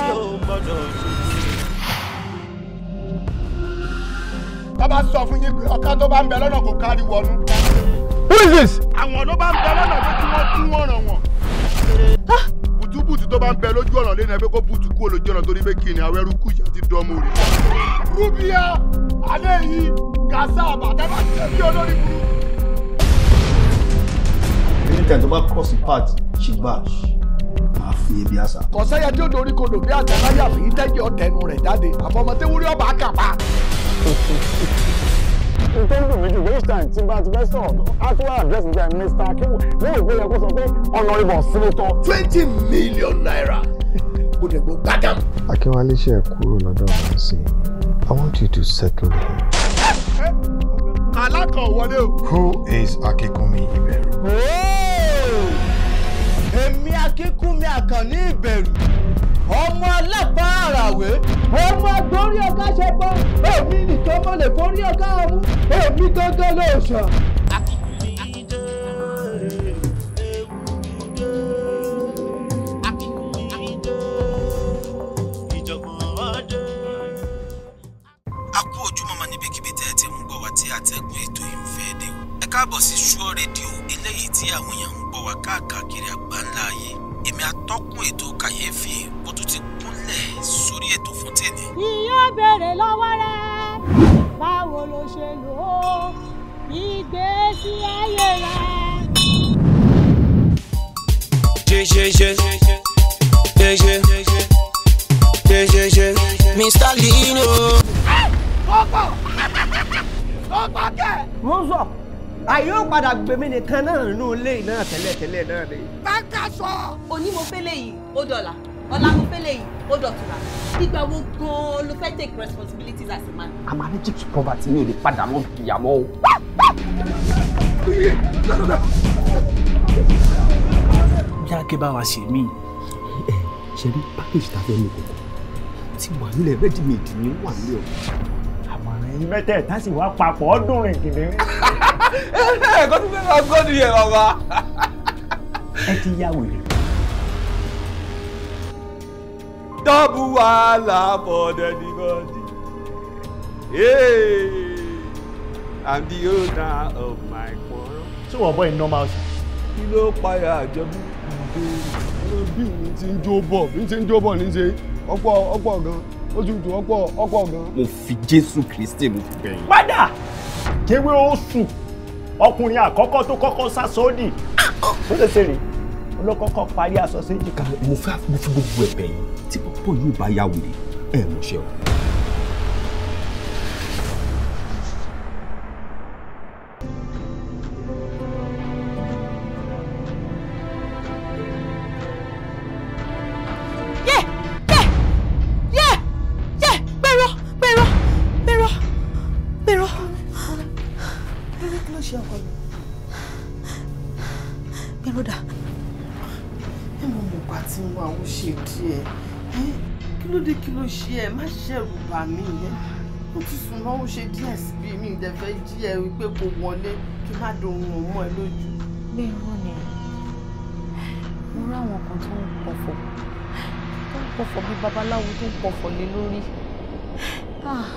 tó bá sọ fún yín pé ọ̀tá tó bá ń bẹ lọ́nà kò kárí wọnú. who is this. àwọn ló bá ń bẹ lọ́nà tó tí wọ́n tún wọ́n ràn wọ́n. Ah! tú bùtù tó bá ń bẹ lójú ọ̀nà lẹ́nu ẹgbẹ́ kó bùtù kúrò lójú ọ̀nà torí pé kí ni àwọn ẹrú kú ìyá ti dán mọ́ rẹ̀. rúbíà alẹ́ yìí gàzá àbàtàbà jẹ́ bí olórí burú. ẹni tẹ̀ tó bá cross part ṣìgbàṣ máa fún yẹ àṣà. kọ̀sẹ́yẹ tí ó dorí kodò bí àjàláyà fi ń tẹ́jọ́ tẹnu rẹ̀ jáde àfọmọ́tẹ́wúrí ọba àkàpà tó ń dùn mí jù waste ti fẹ́ sọ̀rọ̀ actual address ní mr akewu lóò gbé kó sọ pé ọ̀nà ibọ̀ sílùtọ̀. twenty million naira kò dẹ̀ gbọ́ gbádàm. akínwálé ṣe kúrò lọ́dọ̀ ọ̀hún sí i want you to settle him. alákọ̀wọlé o. who is akínkúnmi ìbẹ̀rù. èmi akínkúnmi àkànní ìbẹ̀rù ọmọ alápá àràwé ọmọ agbórí ọ̀gá ṣe pọ́ èmi nìkan mo lè forí ọ̀gá ọmú èmi gángan ló a kú ojú mọ́mọ́ níbikíbi tẹ́ ẹ ti ń gbọ́ káàbọ̀ sí ṣúọ́ rédíò eléyìí tí àwọn èèyàn ń gbọ́ wá káàkiri àgbáńlá ayé èmi atọ́kùn ètò kàyéfì kalẹ̀ sórí ètò fún tèmi. ìyá béèrè lọ́wọ́ rẹ báwo ló ṣe lò ó ìgbésí ayé rẹ. jejeje jejeje jejeje Mr. Lino. ọkọ ọkọ kẹ. mo ń sọ àyè ó padà gbèmí nìkan náà nínú ilé náà tẹ́lẹ̀tẹ́lẹ̀ náà ni. bá a kà sọ. onímọ̀ fẹ́lẹ̀ yìí ó dọ̀la ọlákúnpẹ̀lẹ̀ yìí ó dọ̀túnra gbígbà wo gan-an ló fẹ́ take responsibilities as a man. I'm allergic to poverty mi ò lè padà mọ́ ìyàmọ́ o. yáàkẹ́ bá wa ṣe mí. ṣe rí package tá a fẹ́ lò kọ̀ọ̀kan tí wà nílẹ̀ ready made ni wà nílẹ̀ o. àmọ̀ràn yìí mẹ́tẹ̀ẹ̀ta sì wá papọ̀ ọdún rìn kìnìún. ẹ̀ẹ́dẹ́gbẹ́sí fẹ́ máa gbọ́ nìyẹn bàbá. ẹ ti yá wèrè double wahala for anybody. Hey, I'm the owner of my quarrel. ṣé wọn bọ iná máa ṣe. kí ló payà àjọbí ìdè ọmọ bí mi ti ń jó bọ̀ mi ti ń jó bọ̀ níṣẹ́ ọ̀pọ̀ ọ̀pọ̀ gan ojútùú ọ̀pọ̀ ọ̀pọ̀ gan. mo fi jésù kristi mo fi bẹ̀yìn. padà kéwé oṣù ọkùnrin àkọ́kọ́ tó kọ́kọ́ sá sódì tó ah, oh. lè ṣe rèé olókọ́kọ́ parí aṣọ séjì kan. mo fẹ́ mo fẹ́ gbogbo ẹ̀bẹ̀ yìí tí pọ́pọ́ yóò bá yá wèrè ẹ̀ mọ̀ ṣe o. ṣùgbọ́n ó ṣe díẹ̀ síbi mi ìdẹ̀ fẹ́ jí ẹ wípé kò wọlé kí má dùn ún mọ́ ẹ lójú. bẹ́ẹ̀ rọ ni mo rí àwọn kan tó ń pọ̀fọ̀ tó ń pọ̀fọ̀ bí babaláwo tó ń pọ̀fọ̀ lé lórí ah,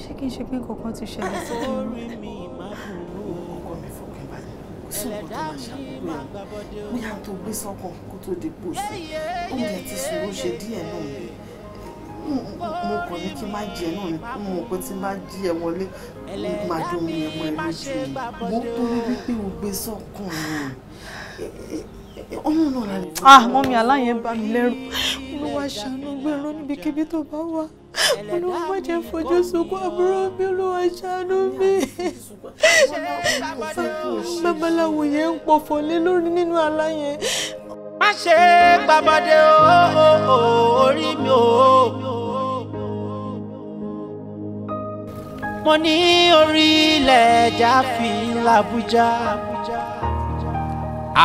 ṣé kí n ṣe pé kankan ti ṣẹlẹ̀ sí mi. orí mi má burú ọkọ mi fọkàn balẹ̀ kó sọ̀rọ̀ tó máa ṣàkóso ẹ̀ bóyá tó gbé sọ́kàn kó tó dé pòṣù oúnjẹ ti sòro ṣe díẹ̀ náà mo kàn ní kí n má jẹ náà ni mo mọ̀ pé tí n bá jí ẹ wọlé máa dùn mí ẹmọ ẹ lójú mi mo tó ní wípé o gbé sọ́kàn mi ọmọ náà la lè. ah mọ́mí aláyẹn bá mi lẹ́rù olúwa ṣàánú gbẹ̀rún níbikíbi tó bá wà olúwa má fojú sunkún àbúrò mi olúwa ṣàánú mi. babaláwo yẹn ń pọ̀fọ̀ lé lórí nínú aláyẹn má ṣe gbàbọdẹ o orí mi o. mo ní orí ẹja fi làbújá.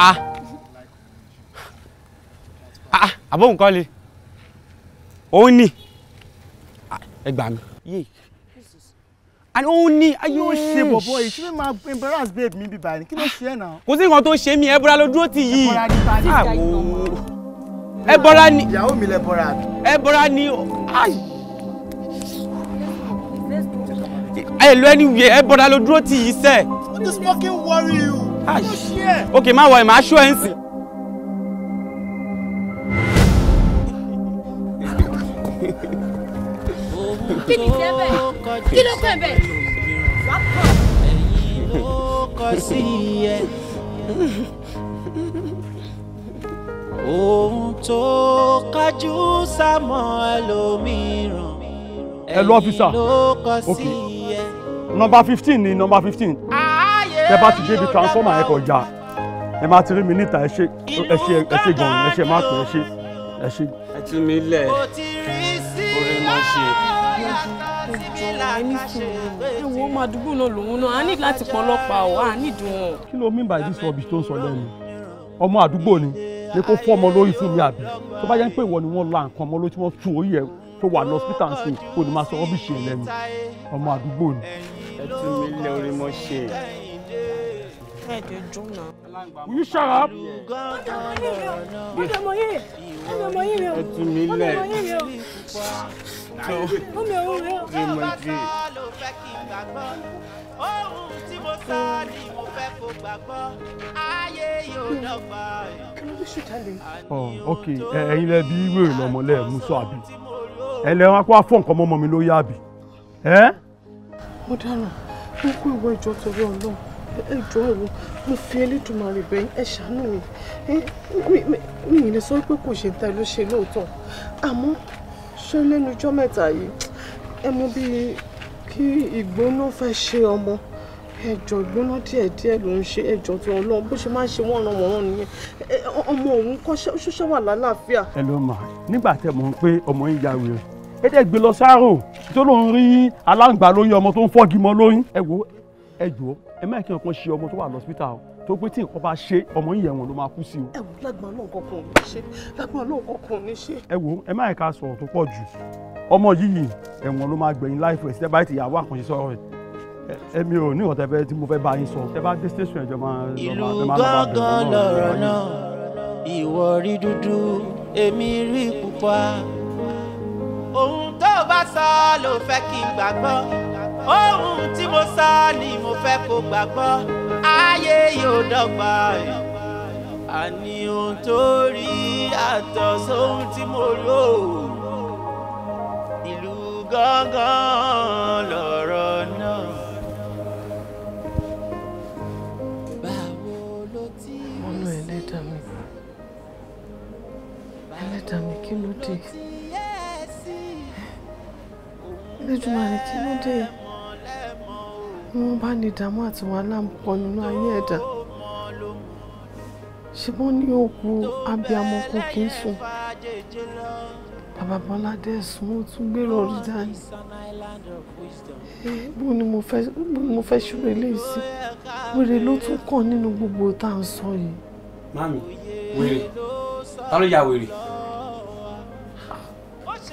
ah ah àbóhùn kọ́ le òun ni ẹ gbà mí and òun ni ayé ó ṣe bọ̀bọ̀ yìí ṣé máa embarrass babe mi bíbá ni kí ló ṣe é náà. kò sí nǹkan tó ṣe mí ẹbọra ló dúró tì yìí ẹbọra ah, ni ìyàwó mi lẹbọra. ẹbọra ni ẹ lọ ẹni wíyẹ ẹbọra ló dúró tì yìí sẹ. what is fucking worry you. kí ló ṣe é. ok má wọ ẹ̀ máa ṣọ́ ẹ̀ ń sìn. kí ni jẹ́ bẹ́ẹ̀ kí ló pẹ́ bẹ́ẹ̀. ẹ̀yin ló kọ sí ẹ ohun tó kájú sámọ́ ẹlòmíràn ẹ̀yin ló kọ sí ẹ. fifteen ni nọ́mbà fifteen tẹ bá ti débi transformer ẹ kọjá ẹ máa ti rí mi níta ẹ ṣe ẹ ṣe ẹ ṣe gan ẹ ṣe má pè ẹ ṣe ẹ ṣe. ẹ tún mi lẹ orin mo ṣe ẹ̀wọ̀n ọmọ àdúgbò náà lòun náà a ní láti pọn ọlọ́pàá ọ̀ a ní ìdùn kí ló mean by this rubbish tó ń sọ lẹ́nu ọmọ àdúgbò ni pé kó fọ́ ọmọ lórí fún mi àbí tó bá jẹ́ pé ìwọ ni wọ́n la nǹkan ọmọ lórí tí wọ́n tú orí ẹ̀ tó wà ní hospital ń sìn kó ní máa sọ rubbish yẹn lẹ́nu ọmọ àdúgbò ni. ẹ tún mi lẹ orí mọ ṣe. Will you shut up? Ọmọ yìí mi ò. Ẹ tún mi lẹ. Ọmọ yìí mi ò tó ọmọ ìdí. ohun tí mo sọ ni mo fẹ́ kó gbàgbọ́ ayé yóò dọ́gba ẹ̀. ọ oh, ok ẹ̀yin lẹ bí wèrè lọmọ lẹ mú sọ àbí ẹ lẹ wọn kó afọ nǹkan mọmọ mi lórí àbí. mo dáná mo kó ìwọ ìjọ torí Ọlọ́run ẹ jọ̀ọ́ ẹwọ mo fi Elédùmarè bẹ̀ yín ẹ ṣàánú mi mi ìlẹ sọ pé kò ṣe ń ta ló ṣe lóòótọ́ àmọ́ ṣé lẹ́nu ijọ́ mẹ́ta yìí ẹ mọ̀ bí kí ìgbóná fẹ́ ṣe ọmọ ẹjọ ìgbóná díẹ̀ díẹ̀ ló ń ṣe ẹjọ tó ń lọ bó ṣe máa ń ṣe wọ́n ran wọ́n nìyẹn ọmọ òun kọ́ ṣọṣọ wà lálàáfíà. ẹ ló mà nígbà tẹ mọ̀ pé ọmọ yín ya wèrè ẹ dẹ gbé lọ sáárò tó ló ń rí aláǹgbá lóyún ọmọ tó ń fọ́gi lóyún. ẹ wo ẹ jọ ẹ má kí ọkàn ṣe ọmọ tó wà lọ́sítà o tó pé tí nǹkan bá ṣe ọmọ yìí ẹ̀wọ̀n ló máa kú sí o. ẹ̀wọ̀n lágbọ́n náà kankan ò ní ṣe lágbọ́n náà kankan ò ní ṣe. ẹ wo ẹ má ẹ̀ka sọ̀rọ̀ tó pọ̀ jù ọmọ yìí ẹ̀wọ̀n ló máa gbẹ̀yìn láìpẹ́ ẹ̀ sẹ́bàá ti yàwó àkànṣe sọ̀rọ̀ rẹ̀ èmi ò ní ọ̀tẹ̀ tí mo fẹ́ bá yín sọ. ẹ ohun tó bá sọ ló fẹ́ kí n gbàgbọ́ ohun tí mo sọ ni mo fẹ́ kó gbàgbọ́ ayé yóò dọ́gba ẹ̀ àní ohun tó rí àtọ̀ sóhun tí mo lò ìlú gángan lọ̀rọ̀ náà. báwo ló ti rí sí i. ọ̀nà ẹlẹ́dàá mi ẹlẹ́dàá mi kí ló dé ẹlẹ́dùnmáà kí ló dé wọn bá ní ìdààmú àti wàhálà ń pọ̀ nínú ayé ẹ̀dá ṣùgbọ́n ní òkú abiyamọ kò kí ń sùn bàbá bọ́ládé ẹ̀sùn ó tún gbèrò orí dání eh, bó ni mo fẹ́ ṣúrò eléyìí wèrè ló tún kàn nínú gbogbo tá à ń sọ yìí. mami wèrè ta ló ya wèrè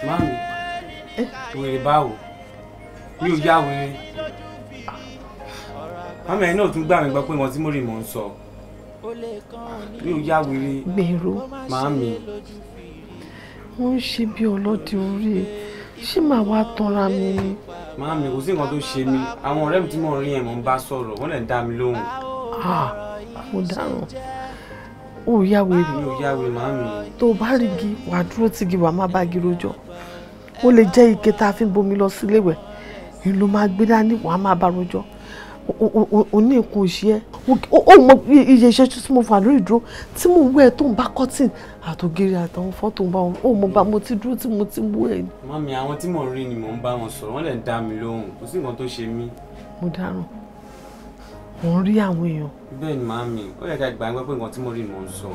mami wèrè báwo mi ò yá wèrè mọ́mí ẹni náà tún gbà mí gbọ́ pé wọ́n tí mo rì mọ́ ń sọ mi ò yá wèrè gbèrò màámi. wọ́n ń ṣe bí ọlọ́dẹ orí ṣé màá wá tanra mi ni. màámi kò sí nǹkan tó ṣe mí àwọn ọ̀rẹ́ mi tí mo rí yẹn mò ń bá sọ̀rọ̀ wọ́n lè dá mi lóhùn. mo dáràn ó yá wèrè. mi ò yá wèrè màámi. tó o bá rí igi wàá dúró tìgi wàá má bá igi rojọ́ ó lè jẹ́ ike tá a fi ń bomi lọ sí ilé ìwẹ̀ ìlú máa gbé dání wàá máa bá rojọ́ o ní nǹkan òṣì ẹ ó mọ iye iṣẹ́ tí mo fà lórí ìdúró tí mò ń wẹ̀ tó ń bá cotton àtògiri àtàwọn fọ́tò ń bá wọn ó mọ bá mo ti dúró tí mo ti mú ẹ. mami àwọn tí mò ń rí ni mò ń bá wọn sọ̀rọ̀ wọ́n lè dá mi lóhùn kò sí nǹkan tó ṣe mí. mo dáràn mò ń rí àwọn èèyàn. bẹ́ẹ̀ ni mami ó yẹ ká gbàgbọ́ pé nǹkan tí mo rí ni mò ń sọ.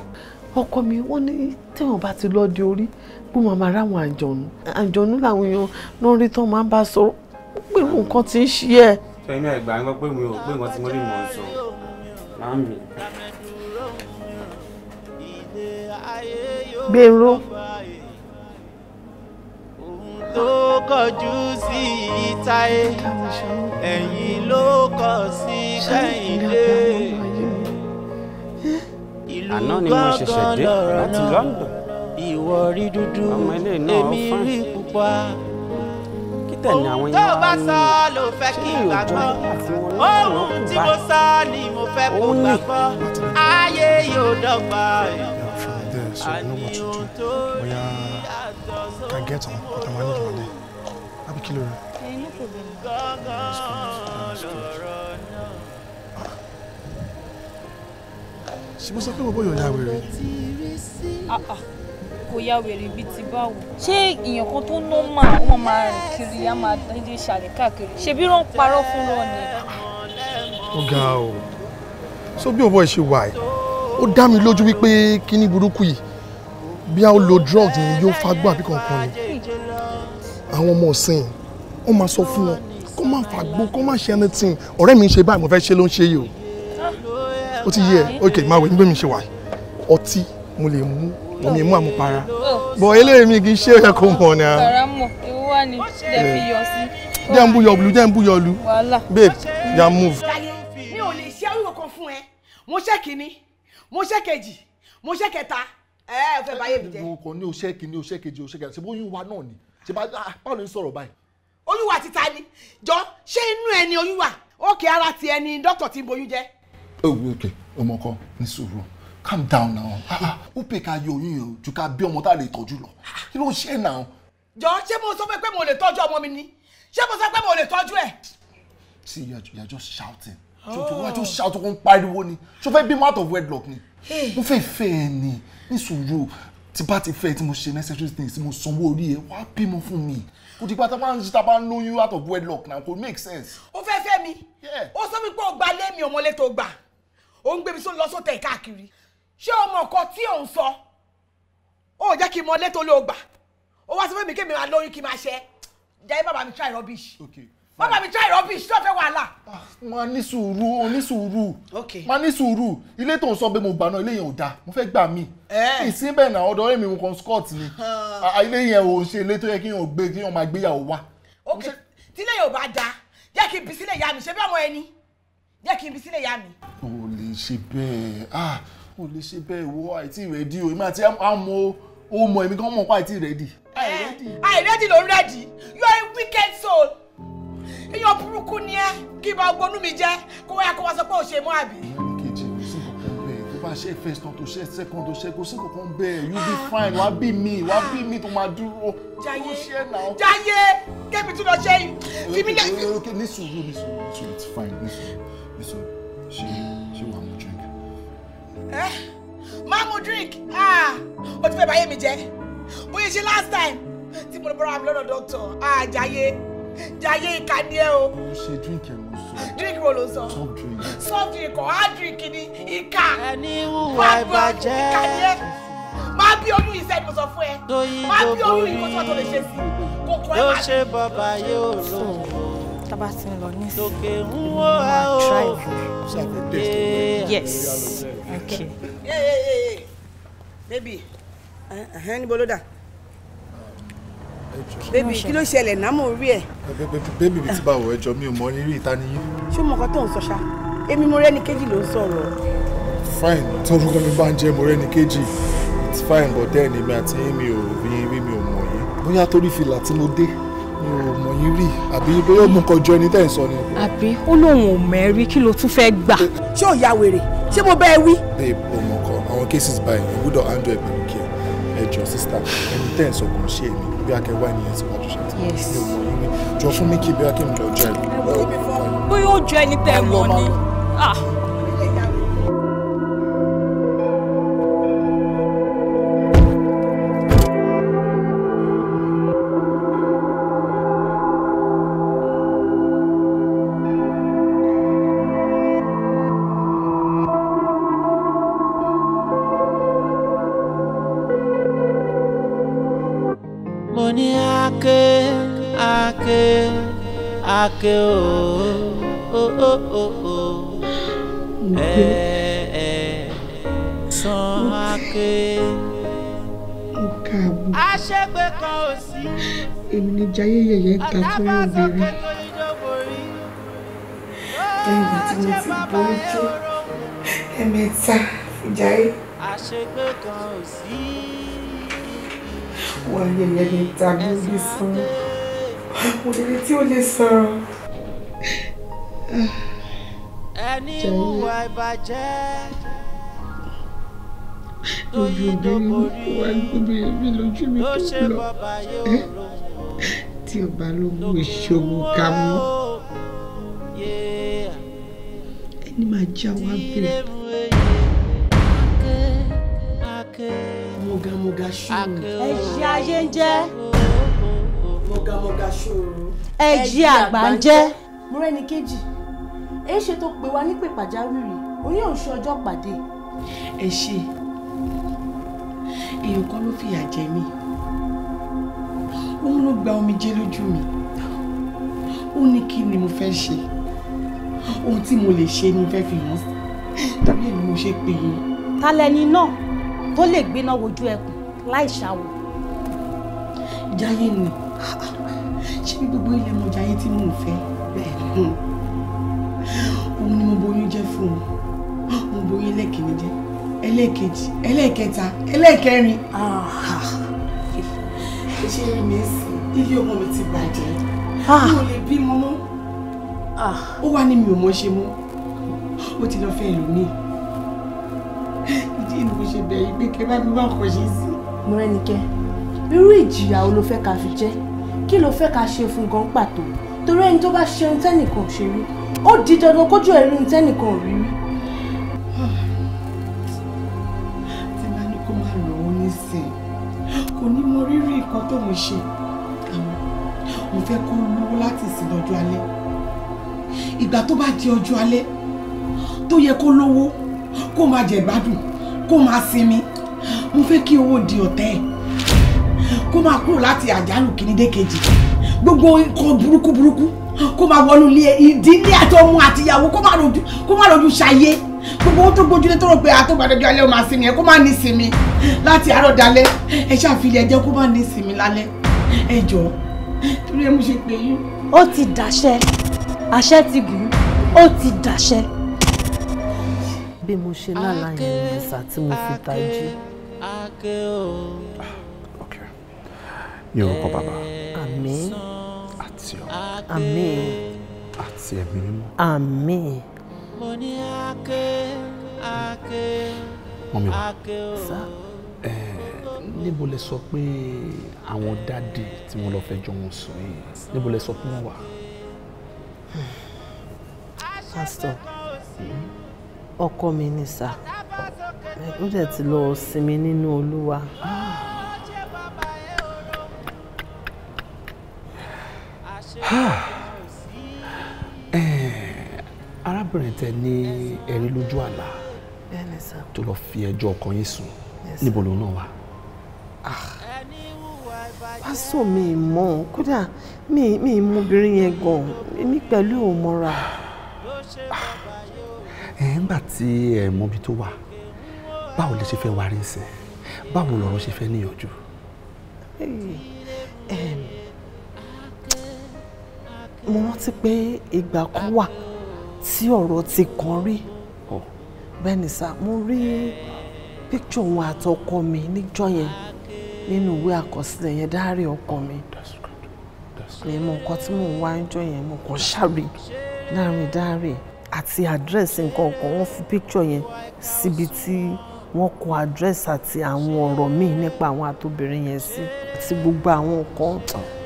ọkọ mi wọn ní téèyàn bá ti lọ de orí pé màá máa ráwọn àjọ̀nù àjọ̀nù làwọn èèyàn náà rí tán máa bá sọ pé nǹkan ti ń ṣe ẹ. sọ inú ẹ ń gbọ́ pé mi ò pé nǹkan tí mo rí mò ń sọ máa ń mi. gbèrò. ló kọjú sí ìtayé ẹ̀yìn ló kọ sí kẹ́hìndé ìlú gángan lọ́rọ̀ náà. àná ni mo ṣẹ̀ṣẹ̀ dé láti London ìwọ rí dúdú èmi rí pupa ohun tó bá sọ ló fẹ́ kí n gbàgbọ́ ohun tí mo sọ ni mo fẹ́ kó gbàgbọ́ ayé yóò dọ́gba àní ohun tó rí àjọsọ kilo. ṣe mo sọ pé mo bóyá ọ̀yà wèrè kò ya wèrè bíi ti báwo. ṣé èèyàn kan tó nọ́mà wọn máa rìn kiri á máa dédé ṣàlẹ̀ káàkiri ṣebí rán parọ́ fún lọ ni. ó ga o so bí òbọ̀ ẹ̀ ṣe wà ẹ́ ó dá mi lójú wípé kíní burúkú yìí bí a ó lo drugs ni yóò fagbọ́ àbí kankan ni àwọn ọmọ ọ̀sìn wọ́n máa sọ fún wọn kó má fagbó kó má ṣe anything ọ̀rẹ́ mi ń ṣe báyìí mo fẹ́ ṣe ló ń ṣe yìí o ó ti yẹ ok máa wẹ̀ nígbà mi ṣe wà ọtí mo lè mú èmi mú àmupara oh, bọ̀ eléyìí mi kì í ṣe é kó mọ̀ ni. ọ̀rá mọ̀ ewu wà ní jẹ́ fi yọ sí. jẹ́ ń bú yọlu jẹ́ ń bú yọlu babe jẹ́ ń move. mi ò lè ṣe àwọn kan fún ẹ mo ṣe kínní mo ṣe kejì mo ṣe kẹta ẹ ẹ fẹ́ báyé mi jẹ. mo kàn ní o ṣe kínní o ṣe kejì o ṣe kẹta ṣe bó yún wa náà ni ṣe bá ah, báwo ni sọ̀rọ̀ báyìí. olúwa ti ta ni jọ ṣé inú ẹni olúwa ó kí ara ti ẹni dókítà ti ń boyún jẹ. òkè oh, ọmọkọ ní sùúrù calm down now ah, ah. ó pè ká yọ oyún yẹn ju ká bí ọmọ tá a lè tọ́jú lọ kí ló ń ṣe náà. jọ ṣé mo sọ fẹ́ pé mo lè tọ́jú ọmọ mi ni ṣé mo sọ pé mo lè tọ́jú ẹ̀. see you are, just shouting ṣojú wa just shout wọn pariwo ni ṣo fẹ́ bímọ out of wedlock ni mo fẹ́ fẹ́ ẹ ni ní sùúrù tí bá ti fẹ́ tí mo ṣe necessary things tí mo sanwó orí ẹ wá bímọ fún mi kò dìgbà tá a bá ń ta bá ń lóyún out of wedlock na kò make sense. ó fẹ́ fẹ́ mi ó sọ mi pé ó gba lé mi ọmọlé tó gbà ó ń gbé mi sóun lọ sóòtẹ̀ káàkiri ṣé ọmọ kan tí ò ń sọ ó jẹ́ kí n mọ létò ló gbà ó wá sọ fún mi kí mi máa lóyún kí n máa ṣe jẹ́ bàbá mi try rubbish bàbá mi try rubbish tó fẹ́ wàhálà. Ah, má ní sùúrù ó ní sùúrù má ní sùúrù ilé tó ń sọ pé mo gbà náà ilé yẹn ò dáa mo fẹ́ gbà mí ìsínbẹ̀ náà ọ̀dọ̀ èmi mo kàn scott ni ilé yẹn ò ṣe ilé tó yẹ kí yẹn ò gbé kí yẹn máa gbéyàwó wá. ok tílé yóò bá dáa jẹ́ kí n bí sílẹ̀ yá mi ṣe bí ọmọ ẹni jẹ́ kí n bí yá mi. o lè ṣe bẹ́ẹ̀ ah wọn lè ṣe bẹ́ẹ̀ wo àìtí rẹ́dí o ìmọ̀ àti àmọ́ o mọ̀ èmi gan mọ̀ pa àìtí rẹ́dí. àìrẹ́dí ló ń rẹ́dí you are a wicked soul èèyàn burúkú ni ẹ kí n bá gbónú mi jẹ kó wáyà kó wá sọ pé ò ṣe mọ́ àbí. kejì kò sí kankan bẹ́ẹ̀ tó bá ṣe first tán tó ṣe second tó ṣe kò sí kankan bẹ́ẹ̀ you be fine wá bí mi wá bí mi tó máa dúró tó ṣe náà. jáyé kébì tún lọ ṣe yìí fi mí lẹ́yìn. ní sùúrù ní sùúrù ní sùúrù it's fine ní sùúrù ní sùúrù ṣe ẹ eh? máa mu drink ó ah, ti fẹ́ báyé mi jẹ́ bóyá ṣe last time tí mo bọ́ra mi lọ́dọ̀ doctor àjàyè jàyè ìka ni ẹ o. mo ṣe drink ẹ mo sọ. drink wo ló sọ. soft drink. soft drink ọ̀ hard drink ni ìka. ẹni hùwà ìbàjẹ́. ìka ni ẹ máa bí oyún yìí sẹ́ni mo sọ fún ẹ máa bí oyún yìí kó tó wà tó lè ṣe sí i kò kọ́ ẹ máa. ló ṣe bàbá yóò lóun o tábà ti ń lọ nísìnyí mo máa drive. yes okay. baby uh-huh, ẹ̀hẹ́n níbo ló dà bébì ah, kí ló ṣẹlẹ̀ náà mo rí ẹ̀. bébì mi ti bá wọ ẹjọ́ mi ò mọ rírì ìtaniyín. ṣé mo kàn tó ń sọ ṣá èmi mo rẹ́ni kejì ló ń sọ̀rọ̀. fine tí orúkọ mi bá ń jẹ́ mo rẹ́ni kejì it's fine but then èmi àti èmi ò rí mi ò mọ̀ yìí bóyá torí fìlà tí mo dé mi ò mọ̀ yín rí àbí bóyá mo kàn jọ ẹni tẹ́ ẹ̀ sọ ni. àbí ó lóun ò mẹ́rí kí ló tún fẹ́ gbà. Eh, ṣé ò wèrè ṣé mo bẹ́ẹ̀ wí. babe o kan àwọn cases báyìí you gbọ́dọ̀ handle ẹ̀ pẹ̀lú kí ẹ jọ sísá ẹni tẹ́ ẹ̀ sọ kò ń ṣe èmi bí akẹ́wà ènìyàn ti wá tó ṣe tí mi ò mọ̀ yín rí jọ fún mi kí bí akẹ́mi lọ jẹ́ ẹ̀. bóyá ó jọ ẹni tẹ́ ẹ mọ̀ ni. àṣegbé kan ò sí. wọ́n yẹyẹ ní tàbí bí sàn òdìrí tí ó lè sọ̀rọ̀. ẹni ìwà ìbàjẹ́ tó yí dóborí ló ṣe bàbá yóò lò. tí o bá ló mú ìṣòro ká mú ẹni máa já wa mọ̀gàmọ̀gà ṣòro. ẹ̀jẹ̀ ayé ń jẹ́. mọ̀gàmọ̀gà ṣòro. ẹ̀jẹ̀ àgbà ń jẹ́. múrẹ́ni kejì èyí ṣe tó pè wá nípè pàjáwìrì oní òṣù ọjọ́ pàdé. ẹ ṣe èèyàn kan ló fìyà jẹ mí òun ló gba omijé lójú mi ó ní kí ni mo fẹ́ ṣe ohun tí mo lè ṣe ni mo fẹ́ fi hàn sí tàbí èmi mo ṣe pè é. ta lẹni náà tó lè gbiná wojú ẹkùn láì ṣàwò. Jayé ni ṣé gbogbo ilé mo Jayé tí mò ń fẹ́ bẹ́ẹ̀ òun ni mo boyún jẹ́ fún un mo boyún ẹlẹ́kìnní jẹ́ ẹlẹ́ẹ̀kejì ẹlẹ́ẹ̀kẹta ẹlẹ́ẹ̀kẹrin ṣe rí mi sí ilé ọmọ mi ti bàjẹ́ ah. mi ò lè bímọ mọ́ ah. ó wà ní mi ò mọ́ ṣe mọ́ ó ti lọ fẹ́ ẹlòmíì ìdí ni mo ṣe bẹ̀ yí pé kẹ́ bá mi wá nǹkan ṣe sí. Mọ́rẹ́nikẹ́ irú ìjìyà wo ló fẹ́ ká fi jẹ́ kí ló fẹ́ ká ṣe fún gan pàtó torí ẹni tó bá ṣe ohun tẹ́nìkan ṣe rí ó di dandan kójú ẹ̀rí ohun tẹ́nìkan ò rí rí. tí bá ní kó máa lọ òun nísìn kò ní mọ rírì nǹkan tó ń ṣe àmọ́ mo fẹ́ kó lówó láti ìsìn lọ́jọ́ alẹ́ ìgbà tó bá di ọjọ́ alẹ́ tó yẹ kó lówó kó máa jẹ gbádùn kó máa sinmi mo fẹ́ kí owó di ọ̀tẹ̀ ẹ̀ kó máa kúrò láti àjálù kìíní dé kejì gbogbo nǹkan burúkú burúkú kó máa wọnú ilé ìdílé àtọmọ àtìyàwó kó máa rojú kó máa rojú ṣayé gbogbo owó tó gbójúlé tó rò pé àtọ́gbàdọ́jọ́ alẹ́ ó máa sinmi ẹ̀ kó máa ní sinmi láti àárọ̀ dalẹ́ ẹ ṣàfihàn ẹ̀jẹ̀ kó máa ní sinmi lálẹ́ ẹ jọ̀ọ́ torí ẹ mú ṣe pé yín. ó ti dàṣẹ àṣẹ ti gùn ó ti dàṣẹ bí mo ṣe lálàá yẹn mẹ́sà tí mo fi tají. Ah, ok ní orúkọ bàbá. àmín. àti ọmọ. àmín. àti ẹ̀mí mímọ́. àmín. mo ní ake ake ake o. ẹ níbo lẹ sọ pé àwọn dáàdì tí wọn lọ fẹ́ jọ wọn sùn yìí níbo lẹ sọ pé wọn wà. Mm-hmm ọkọ mi ni sà ó dẹ̀ ti lọ sinmi nínú olúwa. Eh, arábìnrin tẹ ní ẹ̀rí lójú àlá tó lọ fi ẹjọ́ ọkọ yín sùn níbo lòun náà wà. Ah. pásọ mi mọ̀ kódà mi mi mú obìnrin yẹn gan èmi pẹ̀lú òun ẹ̀ ń gbà tí ẹ̀ mọbi tó wà báwo lè ṣe fẹ́ wá rí ń sìn báwo lọ̀rọ̀ ṣe fẹ́ níyànjú. mo rántí pé ìgbà kan wà tí ọ̀rọ̀ ti kàn rí bẹ́ẹ̀ ni sá mo rí píkṣọ òun àtọkọ mi níjọ́ yẹn nínú ìwé àkọsílẹ̀ yẹn dárí ọkọ mi mi mọ nǹkan tí mò ń wá ń jọ yẹn mo kàn ṣàrí láàrin dárí àti àdírẹ́sì nǹkan kan wọ́n fi picture yẹn síbi tí wọ́n kọ àdírẹ́sì àti àwọn ọ̀rọ̀ míì nípa àwọn àtòbìnrin yẹn sí àti gbogbo àwọn nǹkan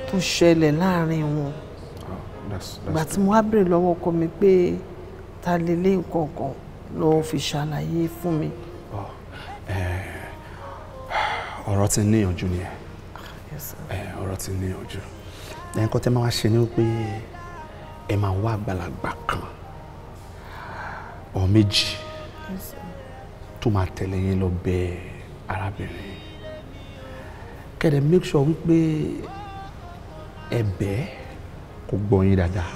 tó ṣẹlẹ̀ láàrin wọn. Ah, ìgbà tí mo wá bèrè lọ́wọ́ ọkọ mi pé ta lè lé nǹkan kan lọ fi ṣàlàyé fún mi. Oh, eh, ọ̀rọ̀ ti níyànjú ni ẹ eh, ọ̀rọ̀ ti níyànjú ẹ̀ńkọ́ tẹ́ máa wá ṣe ni wípé ẹ máa wá àgbàlagbà kan ọ méjì tó máa tẹ̀lé yín lọ bẹ arábìnrin kẹ́dẹ̀ make sure wípé ẹ̀bẹ̀ kò gbọ́ yín dáadáa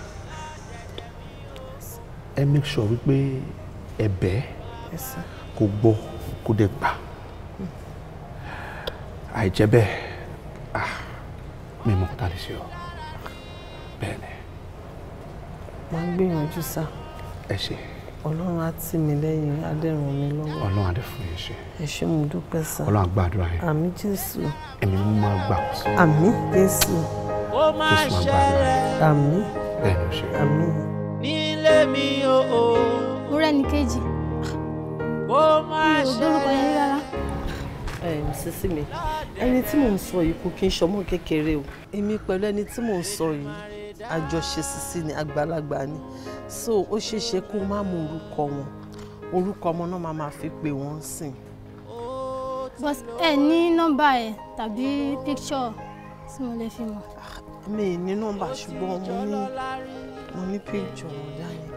ẹ make sure wípé ẹ̀bẹ̀ kò gbọ́ kò dẹ̀ gbà àìjẹ́ bẹ́ẹ̀ ah mi mọ̀ tá lè ṣe o bẹ́ẹ̀ ni. màá gbìyànjú sá. ẹ ṣe ọlọ́run á tì mí lẹ́yìn á dẹ̀ ràn mí lọ́wọ́. ọlọ́run á dẹ̀ fún yín ṣe. ẹ ṣé mo dúpẹ́ sá. ọlọ́run á gbàdúrà yín. àmì jésù. ẹ̀mí mo máa gbà kó sí. àmì jésù. ó máa ṣẹlẹ̀. àmì. bẹ́ẹ̀ ni ṣe. àmì. nílé mi o. mo rẹ́ni kejì. ó máa ṣẹlẹ̀. mi ò gbórúkọ yẹn rárá. sísí mi ẹni tí mò ń sọ yìí kò kí n ṣọmọ kékeré o èmi pẹ̀lú ẹni tí mò ń sọ yìí àjọṣe sísí ni àgbàlagbà ni so ó ṣeéṣe kó má mú orúkọ wọn orúkọ ọmọ náà máa máa fi pè wọ́n sìn. but ẹ ní nọ́mbà ẹ tàbí picture tí mo lè fi mọ̀. Ah, mi ì ní nọ́mbà ṣùgbọ́n mo ní mo ní picture wọn dání.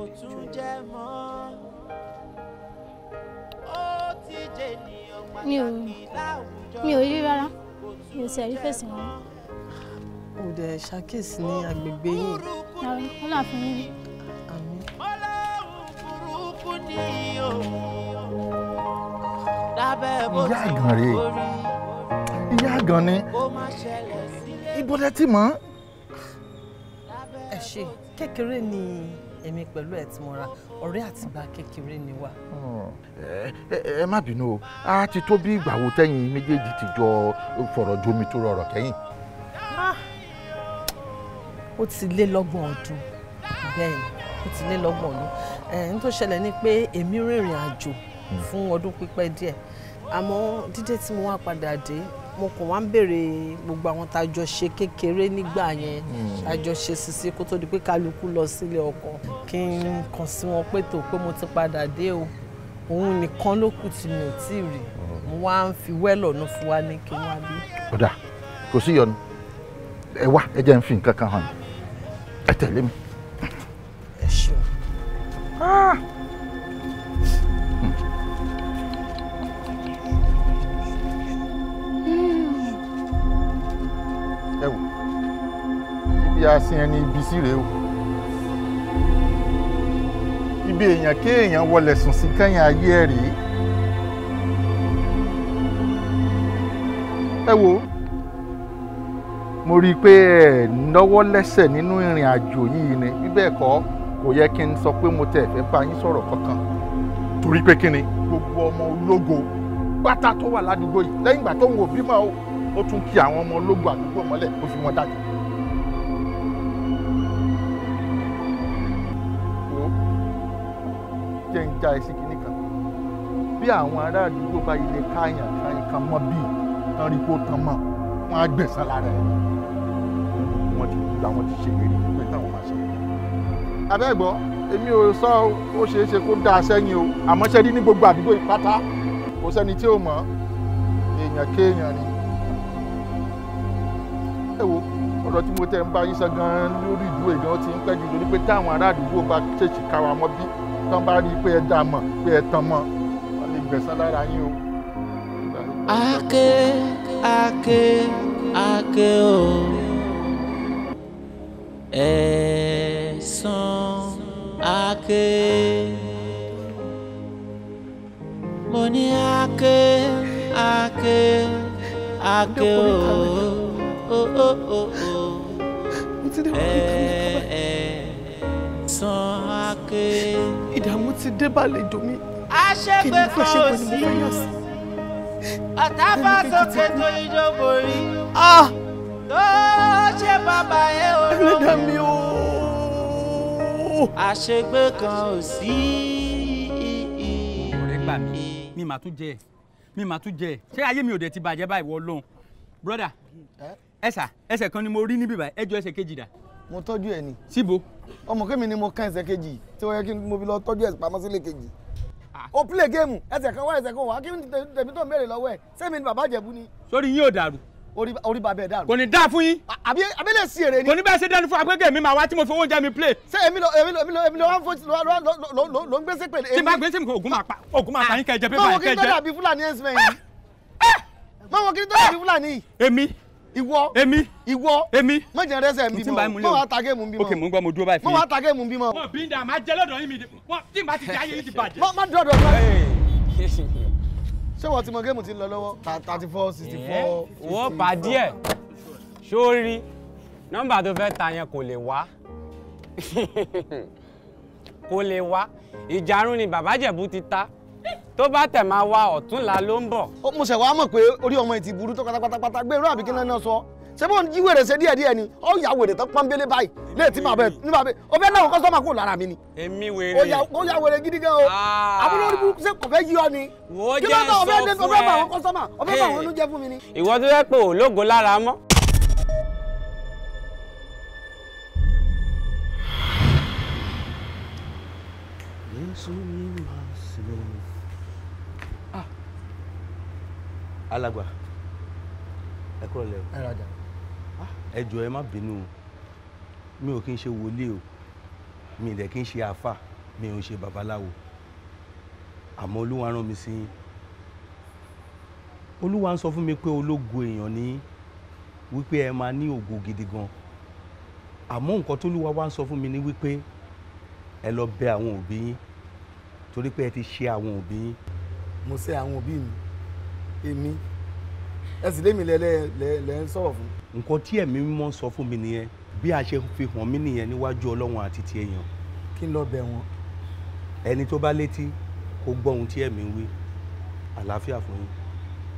ó tún jẹ́ mọ́ ó ti jẹ́ ènìyàn pàtàkì láwùjọ. mi ò rí rárá mi ò sì ẹ̀rí fèsì wọn. o dẹ̀ ṣàkíyèsí ní agbègbè yìí. rárá wọn fún mi ìyá àgàn rèé ìyá àgàn ni ibodè tí mọ́. ẹ ṣe kékeré ni èmi pẹ̀lú ẹ̀ tí mo ọ̀rẹ́ àtìgbà kékeré ni wá. ẹ má bínú o a ti tó bí ìgbà wo tẹ́yìn méjèèjì ti jọ fọ̀rọ̀ jomi tó rọrọ̀ kẹ́yìn. Ah! ó ti lé lọ́gbọ̀n ọdún bẹ́ẹ̀ ó ti lé lọ́gbọ̀n ọdún ẹ̀hún tó ṣẹlẹ̀ ni pé èmi rìnrìn àjò hmm. fún ọdún pípẹ́ díẹ̀ àmọ́ dídé tí mo wá padà dé mo kàn wá ń béèrè gbogbo àwọn tá a jọ ṣe kékeré nígbà yẹn hmm. a jọ ṣe sisi kó tó di pé kálukú lọ sílé ọkọ kí n kàn sí wọn pé tó pé mo ti padà dé o òun nìkan ló kù tí mi ò tí ì rí mo wá ń fi wẹ́lọ̀ náà fún wa ní kí n wá bí. ọ̀dà kò sí yọnu ẹ wá ẹ jẹ́ ń fi nǹkan kan hàn ẹ tẹ̀lé mi. ẹ ṣeun. Ah! ibi asin ẹni ibi sí o ibi èèyàn kéèyàn wọlé sùn sí ayé mo rí pe pé ẹ náwó lẹ́sẹ̀ nínú ìrìn àjò yìí ni kò yẹ kí n sọ pé mo tẹ̀ fẹ́ bá yín sọ̀rọ̀ kankan torí pé kí ni gbogbo ọmọ ológo pátá tó wà ládùúgbò yìí lẹ́yìn ìgbà tó ń wò bímọ o ó tún kí àwọn ọmọ ológo àdúgbò mọ́lẹ̀ ó fi wọn dájú. o jẹ́ ń já ẹsìn kìíní kan bí àwọn ará àdúgbò bá ilé káyàn káyàn kan mọ́ bíi tán rí kó tán mọ́ wọ́n á gbẹ̀san lára ẹ̀ wọ́n ti ṣèlérí pé táwọn máa ṣe abẹ́gbọ́ èmi ò sọ ó ṣeé ṣe kó dáa sẹ́yìn o àmọ́ ṣẹ́rí ní gbogbo àdúgbò ìpátá kò sẹ́ni tí ò mọ̀ èèyàn kéèyàn ni. ẹ wo ọ̀rọ̀ tí mo tẹ̀ ń bá yín sọ gan-an lórí ìdúró ìdánwò ti ń pẹ́ jù lórí pé táwọn ará àdúgbò bá ṣèṣì ká wa mọ́ bí tán bá rí i pé ẹ dá mọ̀ pé ẹ tán mọ́ wọn lè gbẹ̀sán lára yín o. ake ake ake o. Eh san àáké. mo ní àáké àáké àáké o o o o ẹ ẹ san àáké. ìdààmú ti dé bàlejò mi kí ni kò ṣe pẹ̀lú mi láyà sí. ọ̀tá bá sókè tó ijó borí. tó ṣe bàbá ẹ olómi. ẹlẹ́dàá mi o àṣegbé kan ò sí. ọ̀rẹ́ gbà mí mi mà tún jẹ mi mà tún jẹ ṣé ayé mi ò dẹ̀ ti bàjẹ́ báyìí wọ́n lóhun broda ẹ̀sà ẹsẹ̀ kan ni mo rí níbí báyìí ẹjọ́ ẹsẹ̀ kejì dà. mo tọ́jú ẹ ni. síbo. ọmọ kémi ni mo kán ẹsẹ̀ kejì tí wọ́n yẹ kí mo fi lọ tọ́jú ẹsẹ̀ pamọ́ sílé kejì. o play game ẹsẹ̀ kan wá ẹsẹ̀ kan wá kí n tẹ̀mí tó ń béèrè lọ́wọ́ ẹ̀ sẹ́mi ni bàbá àjẹ̀bú ni. sórí yín ò dàrú orí bàbá ẹ̀ dàrú. kò ní dáa fún yín. àbí abẹ́lẹ̀ sí èrè ni. kò ní bẹ́ẹ̀ ṣe dẹ́nu fún agbègbè mi màá wá tí mo fi owó jẹ mi play. ṣé èmi lọ èmi lọ èmi lọ èmi lọ wá fún ló ń gbé sí pèlè. tí bá gbé sí mi ogun máa pa ogun máa pa yín kẹjẹ pé báyìí kẹjẹ. mọ̀ wọ́n kí n tó dàbí fúlàní ẹ̀sìn mẹ́yìn. mọ̀ wọ́n kí n tó dàbí fúlàní yìí. èmi ìwọ èmi ìwọ èmi mo jẹ rẹsẹ mi bímọ mo wá ta géèmù bímọ ok mo ń gbọ́ mo dúró báyìí fún mi mo wá ta géèmù bímọ. wọn bí n dà máa jẹ lọ́dọ̀ yín mi wọn tí n bá ti jẹ ayé yín ti bàjẹ́. má dọ̀dọ̀ náà. ṣé wọ́n ti mọ géèmù ti ń lọ lọ́wọ́ thirty four sixty four. Eh, wọ́n pa díẹ̀ sórí nọ́mbà tó fẹ́ ta yẹn kò lè wá kò lè wá ìjàrún ni bàbá jẹ̀bú ti ta tó bá tẹ̀ máa wá ọ̀túnla ló ń bọ̀. mo ṣẹ̀ wá mọ̀ pé orí ọmọ ẹ̀ ti burú tó pátápátá gbé irú àbíkí náà sọ ṣé bó ń jí wèrè ṣe díẹ̀ díẹ̀ ni ó yà wèrè tán pọ́nbélé báyìí léè tí màá bẹ ní màá bẹ ó fẹ́ láwọn kọ́sọ́mà kò lára mi ni. èmi wèrè ó yà wèrè gidi gan o ah. àbúrò ní burúkú ṣe kò fẹ́ yí ọ ni. wò ó jẹ́ sọ fún ẹ kí ló tó ọfẹ́ bá àwọn kọ́sọ́mà ọfẹ́ bá àwọn oúnjẹ fún mi ni. ìwọ tó fẹ́ pé òlógo lára mọ́. Jésù ni ah. ẹ kúrò lẹ́wọ̀. ẹ rajà ẹ jọ̀ọ́ ẹ má bínú mi ò kí ń ṣe wòlíì o mi dẹ̀ kí ń ṣe àáfà mi ò ń ṣe babaláwo àmọ́ olúwa rán mi sí yín olúwa ń sọ fún mi pé ológo èèyàn ní wípé ẹ máa ní ògo gidi gan àmọ́ nǹkan tólúwa wá ń sọ fún mi ni wípé ẹ lọ bẹ àwọn òbí yín torí pé ẹ ti ṣe àwọn òbí yín. mo ṣe àwọn òbí mi èmi ẹ sì lémi lẹ lẹ lẹ ń sọ̀rọ̀ fún nǹkan tí ẹ̀mí mímọ́ sọ fún mi nìyẹn bí a ṣe fi hàn mí nìyẹn níwájú ọlọ́run àti ti èèyàn. kí ló bẹ̀ wọ́n. ẹni tó bá létí kó gbọ́ ohun tí ẹ̀mí ń wí àlàáfíà fún yín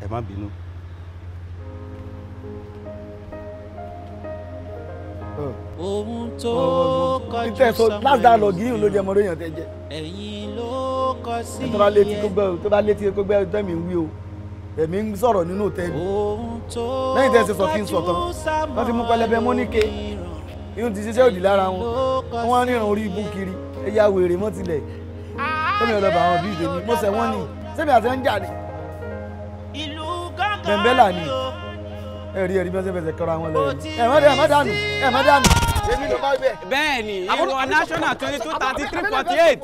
ẹ má bínú. ohun tó kọjú sọmọ ìfẹ́ so last dialogue yìí ló jẹ mọ́rọ́ èèyàn tẹ́ jẹ. ẹ̀yin ló kọ sí iye tó bá létí kó gbẹ́ tó bá létí kó gbẹ́ tó mi ń wí o èmi ń sọ̀rọ̀ nínú òtẹ́ẹ̀lì lẹ́yìn tẹ́ ṣe sọ kí n sọ wọ́n ti mú pẹlẹbẹ mọ́níkè inú ti ṣiṣẹ́ òdì lára wọn wọ́n á ríran orí ibú kiri ẹ̀yà wèrè mọ́ sẹ́mi ọlọ́ba àwọn bíi tèmi mo sẹ̀ wọ́n ni sẹ́mi àti ń ni bẹ̀m̀bẹ́là ni ẹ̀rí ẹ̀rí bí fẹsẹ̀ kọ́ra wọn lẹ́yìn ẹ̀ má dànù bẹ́ẹ̀ ni ìwọ national twenty two thirty three forty eight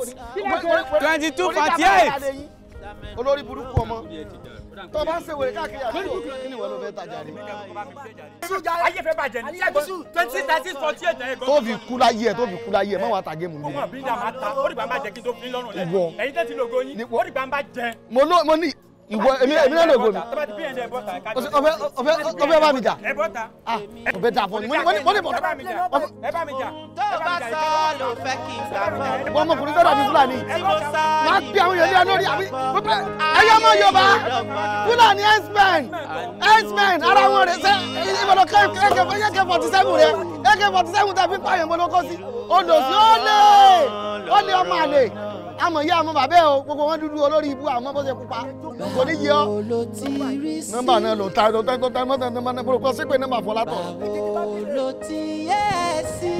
twenty two forty eight. olórí burúkú ọmọ tó ń ṣe káàkiri àdúgbò kí ni wọ́n ló fẹ́ tajà rí. ayé fẹ́ bàjẹ́ ní sẹ́gun twenty thirty forty eight ẹ̀yẹ gan. tó fi kú láyé ẹ tó fi kú ta géèmù mi. ọmọ bí n dà máa ta ó dìgbà máa jẹ kí n tó fi lọ́rùn lẹ. ẹ̀yin tẹ́tí lógo yín ó dìgbà máa jẹ. mo ní ìwọ èmi èmi náà lè gòmí ọbẹ ọbẹ ọbẹ bá mi jà ah, ọbẹ jà fún mi mo ní bọ̀dọ̀ wọn ọmọkùnrin sọ́dọ̀ mi fúlàní máa gbé àwọn èèyàn ní lórí àbí ẹyẹ ọmọ yorùbá fúlàní x-men x-men ara wọn rẹ sẹ ìbọn ak forty seven rẹ ak forty seven tẹ fi pààyàn mọ́ lọ́kọ́ sí odò sí ó lé ó lé ọmọ àlè àmọ̀ ìyá àmọ̀ bàbá ẹ̀ o gbogbo wọn dúdú olórí ibú àmọ́ bó pupa kò ní yé ọ. nọ́mbà náà lò tá lò tán tó tán mọ́tàn nọ́mbà náà kó sí pé nọ́mbà fọlá tọ̀. báwo ló ti yẹ sí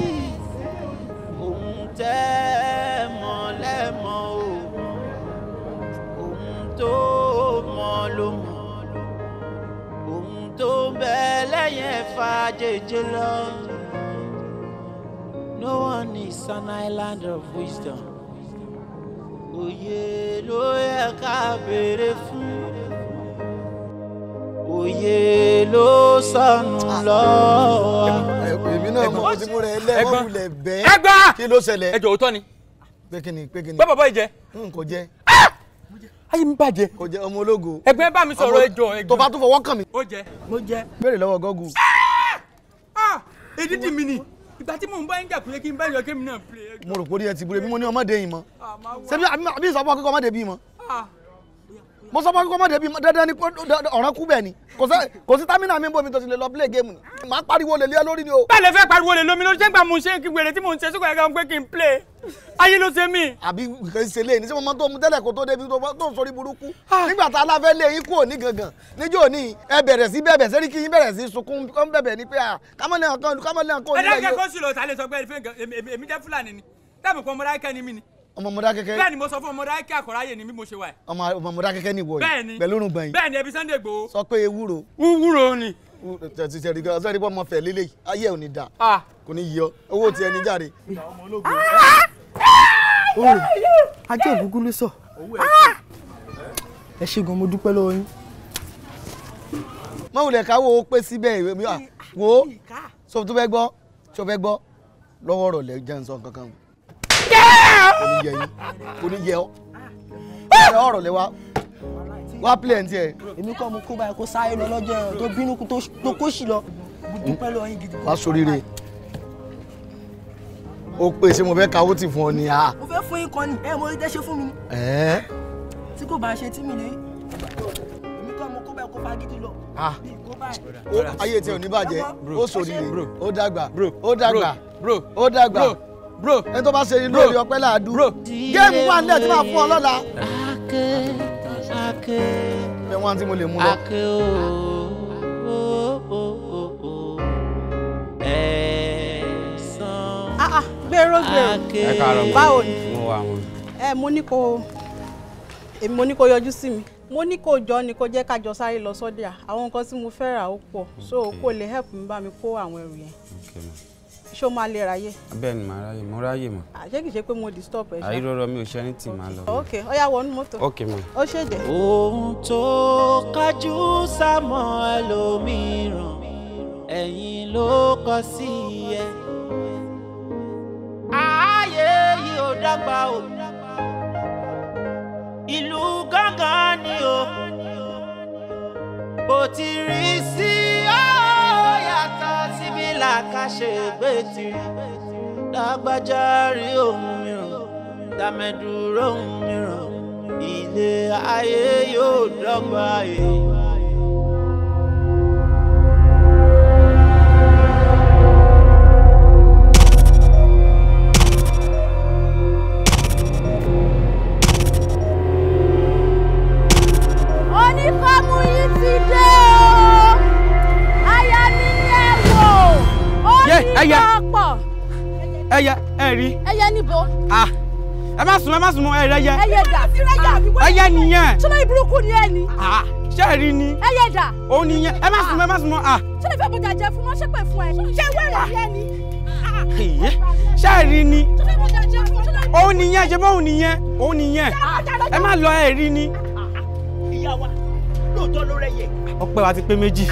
òun tẹ́ mọ́ lẹ́mọ́ o òun tó mọ́ ló mọ́ òun tó bẹ́ẹ̀ lẹ́yìn ẹ̀fà jẹjẹ lọ. No one is an island of wisdom òye ló yẹ ká béèrè fún òye ló sọnù lọ́wọ́. èmi náà mọ̀ tí mo rẹ̀ lẹ́wọ́ wulẹ̀ bẹ́ẹ̀ kí ló ṣẹlẹ̀. ẹjọ òótọ́ ni. pé kí ni pé kí ni. bàbá báyìí jẹ. n kò jẹ. Ah! ayé mi bàjẹ́. kò jẹ ọmọ ológo. ẹgbẹ́ bá mi sọ̀rọ̀ ẹjọ ẹjọ. tó bá tún fọwọ́ kàn mí. ó jẹ. mo jẹ. béèrè lọ́wọ́ gọ́gù. Ah! Ah! ìdídì mi ni ìgbà tí mò ń bá yín jà kò kí n bá yọ kémi náà play. mo rò pé orí ẹ ti bure mi mo ní ọmọdé yìí mọ ah, ṣebí àbí ìsọfún akẹ́kọ̀ọ́ ọmọdé bí mọ. Ah mo sọ fún kọ́mọ̀dé bíi dandan ni ọ̀ràn kú bẹ́ẹ̀ ni kò sí támínà mi bómi tó ti lè lọ play game ni màá pariwo lè lé lórí ni o. bẹ́ẹ̀ lè fẹ́ pariwo lè lómi lórí ṣé ń gbà mú ṣe kí wèrè tí mò ń ṣe sókè ẹ̀ka ń pé kí n play ayé ló ṣe mí. àbí kò ṣe lé ní sí mọ́mọ́ tó mu tẹ́lẹ̀ kó tó débi tó ń sori burúkú ah. nígbà tá a láfẹ́ lé yín kú òní gangan níjó ní ẹ bẹ̀rẹ̀ sí bẹ̀bẹ̀ sẹ́rí kí yín bẹ̀rẹ̀ sí sunkún kó ń bẹ̀bẹ̀ ni pé kámọ́lẹ́ nǹkan kámọ́lẹ́ nǹkan. ẹ dákẹ́ kó sì lọ sálẹ̀ sọ pé èmi jẹ́ fúlàní ni táàbù kan mọ́ra ẹ̀kẹ́ ni mí ni ọmọ Mọdákẹ́kẹ́. bẹ́ẹ̀ni mo sọ fún ọmọ Mọdákẹ́kẹ́ àkọráyè ni bí mo ṣe wà. ọmọ Mọdákẹ́kẹ́ ni ìwọ yìí bẹ́ẹ̀ni pẹ̀lú orun gbọ̀nyìn. bẹ́ẹ̀ni ẹbí Sunday Igboho. sọ pé ewúro. wúwúro ni. tẹ̀sí tẹ̀rí gan ọ̀sẹ̀ ìbọn ọmọ fẹ̀ lélẹ̀ ayé ò ní da kò ní yọ owó tiẹ̀ ní jàre. ajé ògúngún ló sọ ẹ ṣe gan mo dúpẹ́ lọ́wọ́ yín. mọ̀wùlẹ̀ káwọ́ ó pé síbẹ̀ wo sọ tó fẹ́ gbọ́ sọ fẹ́ gbọ́ lọ́wọ́ rọ̀ lẹ́jọ́ nǹkan kankan kò ní jẹ yín kò ní jẹ ọ́ ẹ̀rọ ọ̀rọ̀ lẹ́wà wá plẹ̀ ntí èmi kọ́ mo kó báyìí kó sáré lọ lọ́jọ́ tó bínú tó kó sì lọ. mo dúpẹ́ lọ yín gidi. wá sóríire o pè ṣé mo fẹ́ kawó tì fún ọ ni. Ah. mo fẹ́ fún yín kan ni ẹ mo rí dẹ́ṣẹ́ fún mi. tí kò bá ṣe tí mi lè ah. ayé tí ò ní bàjẹ́ ó sóríire ó dàgbà ó dàgbà ó dàgbà. bro ẹni tó bá ṣe ni lórí ọpẹ́ làádú géèmù wà nílẹ̀ tí màá fún ọ lọ́la. wọ́n ti mo lè mú lọ. gbèrò ah, ah, gbèrò báwo ni ẹ mo ní kó èmi mo ní kó yọjú sí mi mo ní kó jọ ni kó sáré lọ àwọn nǹkan tí mo fẹ́ ó pọ̀ so lè help mi bá mi kó àwọn ẹrù yẹn. ṣó máa lè ráyè. bẹ́ẹ̀ ni màá ráyè mo ráyè mọ́. àṣé kìí ṣe pé mo disturb ẹ ṣá. àìrọ̀rọ̀ mi ò ṣe anything máa lọ. ok ó yá wọnú mọ́tò. ok ma. ó ṣe jẹ. ohun tó kájú sámọ ẹlòmíràn ẹ̀yìn ló kọ sí ẹ. ààyè yìí ò dàgbà o ìlú gángan ni o bó ti rí sí i. La ká ṣe gbé tiri lágbájá rí ohun mìíràn dàmẹ́dúró ohun mìíràn ilé ayé yóò dọ́gba èyí. ẹyẹ ẹyẹ ẹ rí. ẹyẹ níbo. ah ẹ má sùn ẹ má sùn mọ́ ẹ rẹ yẹ. ẹyẹ dà ẹyẹ nìyẹn. sọlá ìbúrúkú ni ẹ ni. ah ṣé ẹ rí ni. ẹyẹ dà. ó nìyẹn ẹ má sùn ẹ má sùn mọ́ ah. ṣé lè fẹ́ bọ̀jà jẹ fún mọ́ ṣé pè fún ẹ. ṣé wẹ́rẹ̀ yẹ ni. ṣé ẹ rí ni. ó nìyẹn ṣe bọ́ ó nìyẹn ó nìyẹn ẹ má lọ ẹ rí ni. ìyá wa lóòótọ́ ló rẹ yẹ. ọpẹ́ wa ti pé méjì.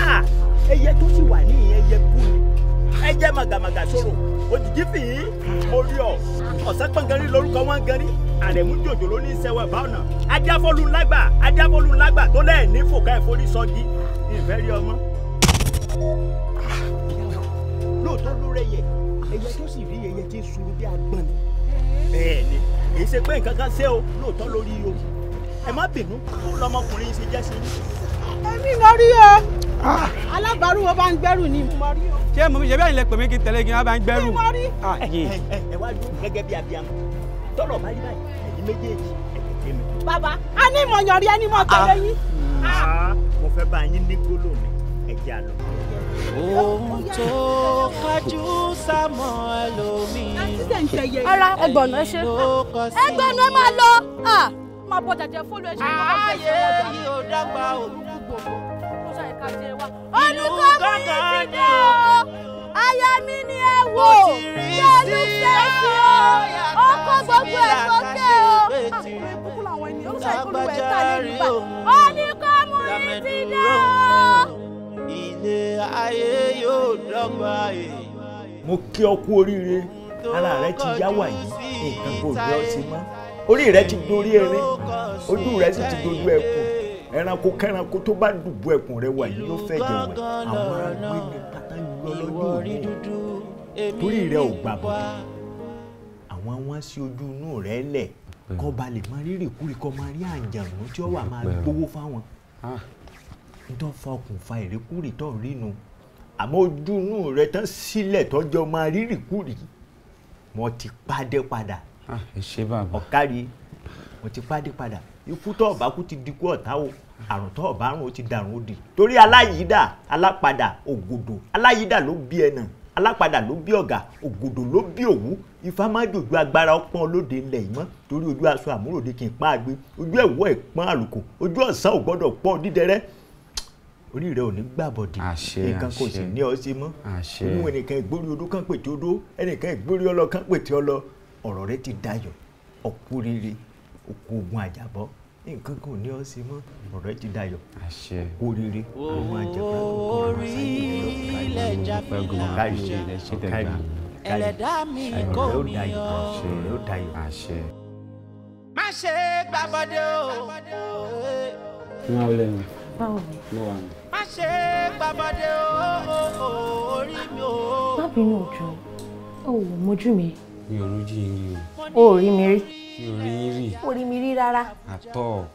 ẹyẹ tó ti wà ní ìyẹn yẹ bú ni ẹ jẹ́ màgàmàgà ṣòro òjijì fìyín mo rí ọ̀sẹ̀ pọ̀ngẹ́rì lórúkọ wọn gẹ́rì àrẹ̀mú ló ní í ẹ̀bá ọ̀nà ajáfọ́lùlágbà ajáfọ́lùlágbà tó lẹ́ẹ̀ ní fòkà ìforí sọ́gi ìfẹ́ rí ọmọ. lóòótọ́ ló rẹ yẹ ẹyẹ tó sì rí ẹyẹ tí ń sùúrù bí agbọ̀n ni. bẹ́ẹ̀ ni èyí ṣe pé nǹkan kan ṣe o lóòótọ́ lórí o ẹ má bínú kó lọmọkùnrin ṣe jẹ́ sí i èmi mọ rí o ah. alábàárù wo bá ń gbẹ́rù ni mo rí o. ṣé mo ṣe bẹ́ẹ̀ ni lẹ pè mí kí n tẹ̀lé kí n bá ń gbẹ́rù. mo rí. ẹ wá dúró gẹ́gẹ́ bí abiyamọ tọ́lọ̀ bá báyìí ẹ̀yin méjèèjì ẹ̀yin tèmi. bàbá a ní ìmọ̀ yọrí ẹni mọ̀ tẹ̀lé yín. Ah. Ah. mo fẹ́ bá yín ní gbólóhùn ẹ̀jẹ̀ àlọ́. ohun tó kájú sámọ ẹlòmíì. ara ẹgbọ̀nà ṣe ẹgbọ̀nà ẹ máa lọ máa bọ jàjẹ fóònù kòtó tó ṣàyẹ̀ká jẹ wa. olùkọ́ mi ti dé o aya mi ni ẹ wò lọ́dún sẹ́ẹ̀sì o ọkọ̀ gbogbo ẹ̀ sókè o. Ah, kúkú làwọn ènìyàn ló ṣàyẹ̀kọ́ lu ẹ̀ta lẹ́nu bá. olùkọ́ mi ti dé o. ilé ayé yóò dọ́gba èyí. mo kí ọ kú oríire ara rẹ ti yá wàyí nǹkan kò rí ọ sí mọ́ orí rẹ ti dorí ẹrin ojú rẹ sì ti dojú ẹkùn ẹranko kẹranko tó bá dùbò ẹkùn rẹ wà yìí yóò fẹ́ jẹ wẹ̀ àwọn aráàlú ní pátá yọ lọ́dún òní torí rẹ ò gbà bọ̀ àwọn wọn sí ojú inú rẹ lẹ̀ hmm. kọ́ ba lè máa rírì kúri kọ́ máa rí àǹjànú tí ó wà hmm. máa hmm. gbowó fáwọn ah. nítorí fa okùn fa ìrékúrì tó rí nu àmọ́ ojú inú rẹ tán sílẹ̀ tọ́jọ́ máa rírì kúri mo ti pàdé padà ah, ọ̀kárí mo ti pàdé padà ikú tó ọ̀bá ti dikú ọ̀tá o àrùn tó ọ̀bá àrùn ó ti dàrún òdì torí aláyídà alápadà ògòdò aláyídà ló bí ẹnà alápadà ló bí ọ̀gà ògòdò ló bí òwú ifá má dòjú agbára ọpọ́n olóde ńlẹ̀ yìí mọ́ torí ojú aṣọ àmúròde kì í pa àgbé ojú ẹ̀wọ́ ìpọ́n àlùkò ojú ọ̀sán ò gbọ́dọ̀ pọ̀ dídẹrẹ́ orí rẹ ò ní gbàbọ̀dì nǹkan kò sì ní ọ sí mọ́ òun ẹnìkan ìgbórí odó kan pètè odó ẹnìkan ìgbórí ọlọ kan pètè ọlọ ọ̀rọ̀ rẹ ti dayọ̀ ọ̀kú rere òkú ogun àjàbọ́ nǹkan kan ò ní ọ ṣe mọ́ ọ̀rẹ́ ti dayọ̀ oríire ọmọ àjẹpẹ́ orí ilẹ̀ jamila ẹlẹ́dá mi kò ní ọ. má ṣe gbàgbọ́dé o. ní àwọn ilé mi. báwo ni. má ṣe gbàgbọ́dé o orí mi o. má bínú òjò o ò mójú mi. mi ò rújú yín rí o. o ò rí mi rí mi ò rara. yín rí. kò rí mi rí àtọ.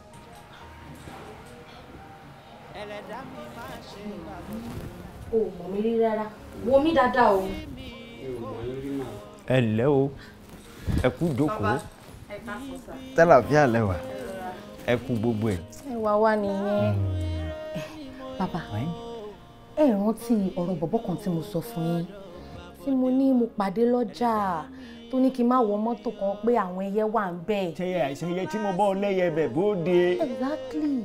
o ò mi rí rárá wo mi dáadáa o. ẹ ǹlẹ́ o ẹ kú jókòó tálàfíà lẹ́wà ẹ kú gbogbo ẹ. ẹwà wa nìyẹn bàbá ẹ rántí ọ̀rọ̀ bọ̀bọ̀ kan tí mo sọ fún yín tí mo ní mo pàdé lọ́jà tó ní kí n má wọ mọ́tò kan pé àwọn ẹyẹ wà ń bẹ̀. ṣe àìsàn ẹyẹ tí mo bọ́ lẹ́yẹ bẹ̀ bóde. exactly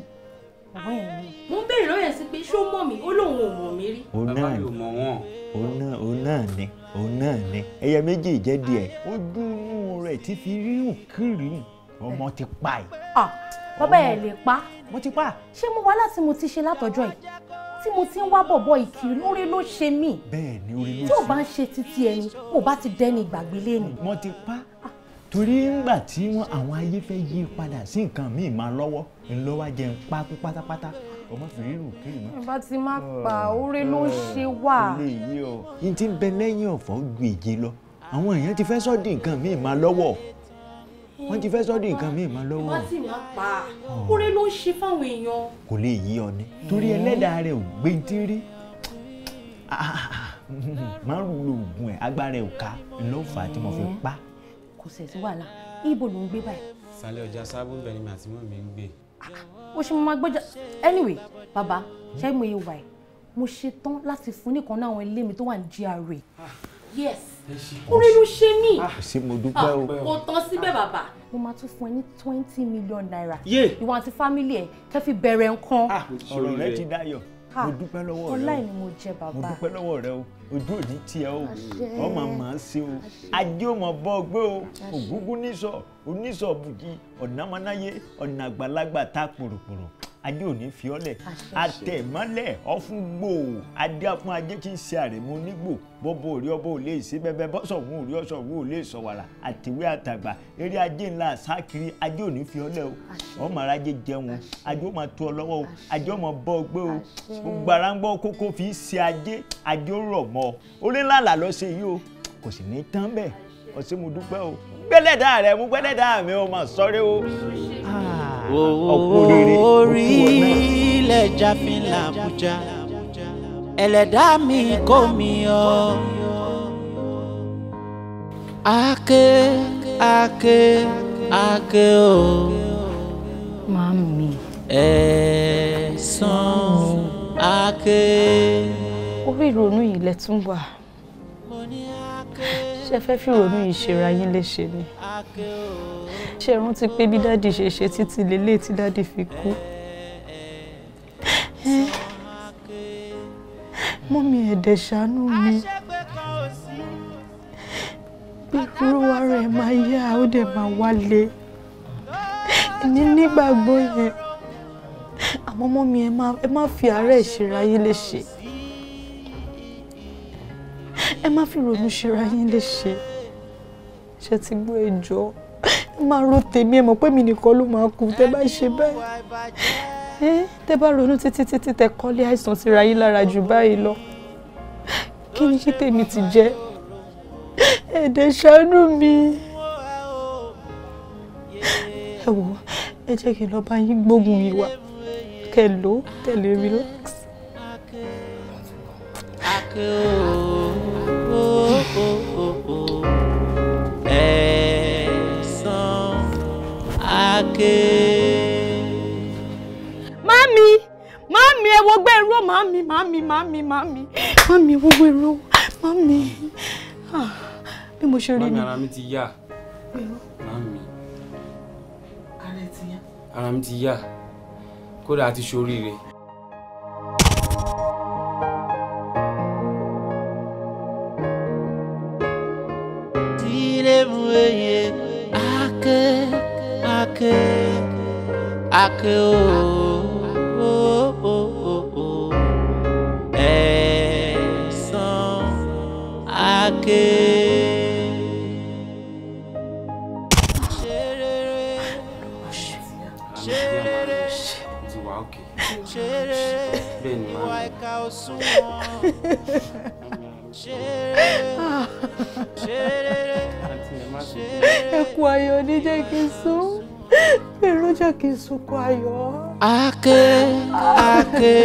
ọ̀rẹ́ mi. mo ń béèrè lọ́yẹ̀ sí pé ṣó mọ̀ mí ó lóun ò mọ̀ mí rí. òun náà ni òun náà ni òun náà ni ẹyẹ méjì jẹ́ díẹ̀ ojú inú rẹ̀ ti fi rírùn kírìrùn ọmọ ti pa ẹ̀. Ah, bàbá ẹ̀ lè pa. mo ti pa. ṣé mo wá láti mo ti ṣe látọjọ́ yìí tí mo ti ń wá bọ̀bọ̀ ìkiri lórí ló ṣe mí. bẹ́ẹ̀ orí ló ṣe. tí ò bá ń ṣe títí ẹni mo bá ti dẹ́ni ìgbàgbé lẹ́nu. mo ti pa torí ńgbà tí wọn àwọn ayé fẹ́ yí padà sí nǹkan míì máa lọ́wọ́ ńlọ́wọ́ jẹun pákú pátápátá ọmọ fìrírù kiri mọ. bá ti máa pa orí ló ṣe wà. ilé yìí o n ti bẹ lẹ́yìn ọ̀fọ̀ gbèjì lọ àwọn èèyàn ti fẹ́ sọ́ọ́ di nǹkan míì máa lọ́wọ́ wọ́n ti fẹ́ sọ́dún nǹkan míì mọ́ lọ́wọ́. ìwà tí mi pa kúrẹ́ ló ń ṣe fáwọn èèyàn. kò lè yí ọ ní torí ẹlẹ́dàá rẹ̀ ò gbé tí rí márùn lo oògùn ẹ̀ agbára ẹ̀ ò ká ló tí mo fi eh. pa. kò sẹ̀ wàhálà ibo ló ń gbé báyìí. sálẹ̀ ọjà sábò bẹ̀rẹ̀ mi àti mọ́ mi ń gbé. o ah, ṣe mo máa gbọ́jà anyway bàbá ṣé mo ẹ̀ mo ṣe tán láti fún nìkan náà àwọn ilé mi tó wà ní GRA. yes orí ló ṣe mí. Ah, ṣé mo dúpẹ́ o. Ah, kò tán síbẹ̀ ah. bàbá. mo máa tún fún ẹ ní twenty million naira. ìwọ àti fámílì ẹ kẹ́ fi bẹ̀rẹ̀ nǹkan. ọ̀rọ̀ rẹ ti dayọ̀ mo dúpẹ́ lọ́wọ́ rẹ o ọláì ni mo jẹ bàbá mo dúpẹ́ lọ́wọ́ rẹ o ojú òní tiẹ̀ o ọmọ màá ṣe o ajé ò mọ̀ bọ́ ọ gbé o ògúngún níṣọ̀ onísọ̀bùjì ọ̀nàmọ́náyé ọ̀nà àgbàlagbà ta pòròpòrò ajé òní fiọ́lẹ̀ àtẹ̀mọ́lẹ̀ ọ̀fun gbòò adé fún ajé tí ń ṣe àrẹ̀mọ onígbò bọ́bọ̀ òrí ọbọ̀ ò lè ṣe bẹ́bẹ́ bọ́sọ̀gùn òrí ọ̀sọ̀gùn ò lè sọ wàrà àtìwé àtàgbà eré ajé ńlá àsákiri ajé òní fiọ́lẹ̀ o ọmọ ara jẹ jẹun ajé ó máa tó ọ lọ́wọ́ o ajé ó bọ́ ọ gbé o gbogbo kókó fi ṣe ajé ajé ó rọ̀ mọ́ ọ orí ńlá là lọ́ ṣe yìí o kò sì ní tán bẹ́ẹ̀ ọ̀sẹ̀ mo dúpẹ́ o gbẹ́lẹ́dà rẹ̀ mú gbẹ́lẹ́dà mi ò mà sọ́rí o. orí ilẹ̀ jafin làbújá ẹlẹ́dà mi kò mí ọ. ake ake ake o. màmí. ẹ̀ẹ́sán ake. orí ìrònú yìí lẹ tún wà ṣe fẹ́ fi ìrònú yìí ṣera yín léṣe ni ṣe rántí pé bí dáàdì ṣe ṣe títí lélẹ̀ tí dáàdì fi kú mú mi ẹ̀dẹ̀ ṣàánú mi bí olúwa rẹ̀ máa yá ó dẹ̀ máa wálé ní nígbàgbọ́ yẹn àmọ́ mọ́ mi ẹ má fi àárẹ̀ ìṣera yín léṣe ẹ má fi ronú ṣera yín lè ṣe ṣe ti gbọ́ ẹjọ́ ẹ má ro tèmi ẹ mọ̀ pé mi nìkan ló máa kú tẹ́ bá ṣe báyìí tẹ́ bá ronú títí títí tẹ́ kọ́lé àìsàn síra yín lára jù báyìí lọ kí ni kí tèmi ti jẹ́ ẹ̀dẹ̀ ṣàánú mi ẹ wò ẹ jẹ́ kí n lọ bá yín gbógun ìwà kẹ lò tẹ̀lé relax. lókè. Mami, mami, ẹ wo gbẹ́rú, mami, mami, mami, mami, mami, ẹ wo gbẹ́rú, mami. Ah, bí mo ṣe rí ni. Mami, ara mi ti yá. Mami. Ara ẹ ti yá. Ara mi ti yá. Kódà a ti ṣoríire. Tilé mu eye, akẹ́ ake ake ooo ẹ̀san ake. bẹ́ẹ̀ ni màá ẹ kú ayọ̀ oníjẹ́ kí n sún èrò jẹ́ kí n sunkún ake ake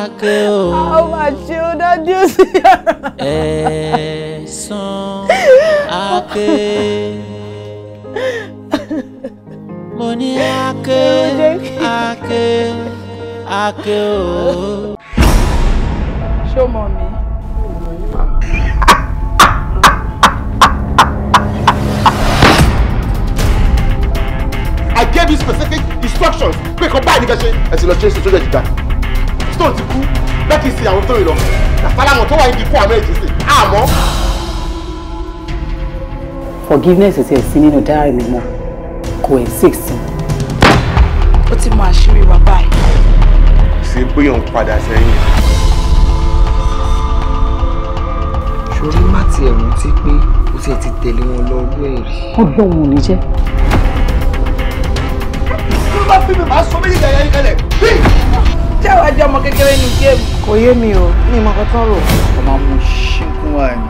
ake o. a máa ṣe ó dájú sí yàrá. ẹ̀sán ake. mo ake ake ake o. Show mommy. gave you specific instructions pé kan báyìí nìkan ṣe ẹ ti lọ ṣe é ṣe sójú ẹ̀jìgbà stone ti kú bẹ́ẹ̀ kì í sin àwọn tó ìlọ àtàlámọ̀ tó wà ní ikú àmọ́ èjì sí àmọ́. forgiveness ti ẹ̀ sí nínú diary mi mọ́ kò ẹ̀ six. ó ti mọ àṣírí wa báyìí. ṣé pé òun padà sẹ́yìn. ṣorí má tiẹ̀ rántí pé ó ti ẹ̀ ti tẹ̀lé wọn lọ ọdún ẹ̀rí. ọlọ́run ò ní jẹ́ bí mi o ní ìmọ̀ kan tán rò. ọmọ mo ṣíkún wa ni.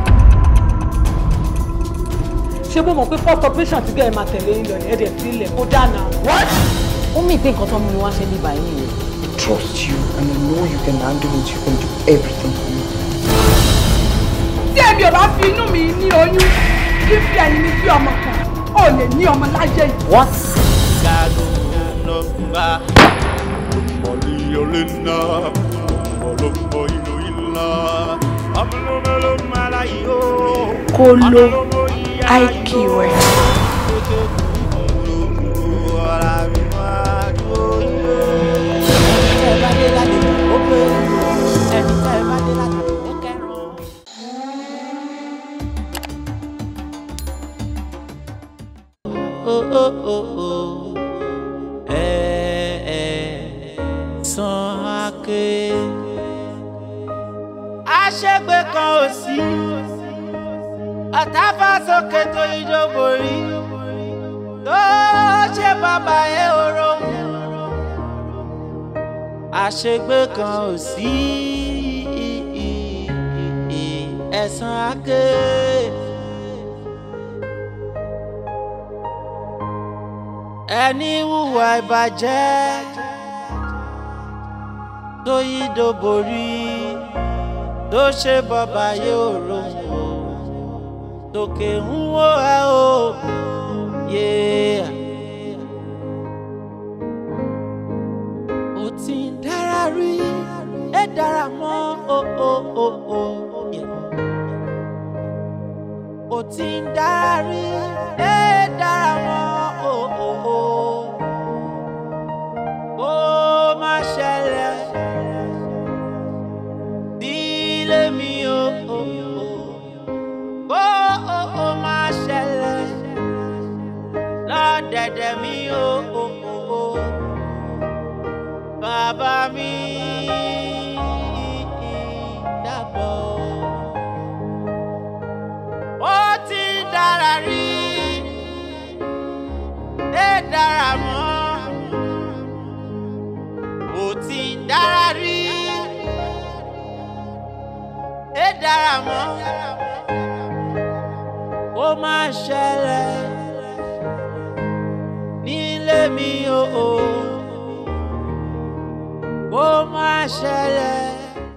ṣé mo mọ̀ pé first operation ti gẹ́ ẹ̀ máa tẹ̀lé yín lọ ní ẹ̀dẹ̀ sílẹ̀ ó dáná. what? ó mì pé nǹkan tán mú mi wá ṣe ní ìbàyẹn yìí. trust you and I know you can handle it you can do everything for me. tí èmi ò bá fi inú mi ní oyún fífi ẹyin mi bí ọmọ kan ò lè ní ọmọ láyé yìí. what? number. Moliolina, Molombo Iloila, Amlomelo Malayo, Kolo Aikiwe. Oh, oh, oh. òkè aṣẹ́gbẹ́ kan ò sí ọ̀tá fà sókè tó ijó borí tó ṣe bàbá ẹ orogún àṣegbé kan ò sí ẹ̀san àké. ẹni hùwà ìbàjẹ́ tó yí dòbò rí tó ṣe bọ́bá yóò rohùn o tòkè ń wó ẹ o yé o ti ń dára rí ẹ dára o o o o o ti ń dára rí ẹ dára ẹ̀dẹ̀ mi o o o o bàbá mi dàbọ̀ ó ti dára rí dé dára mọ́ ó ti dára rí dé dára mọ́ ó máa ṣẹlẹ̀ lèmi o. Bó máa ṣẹlẹ̀.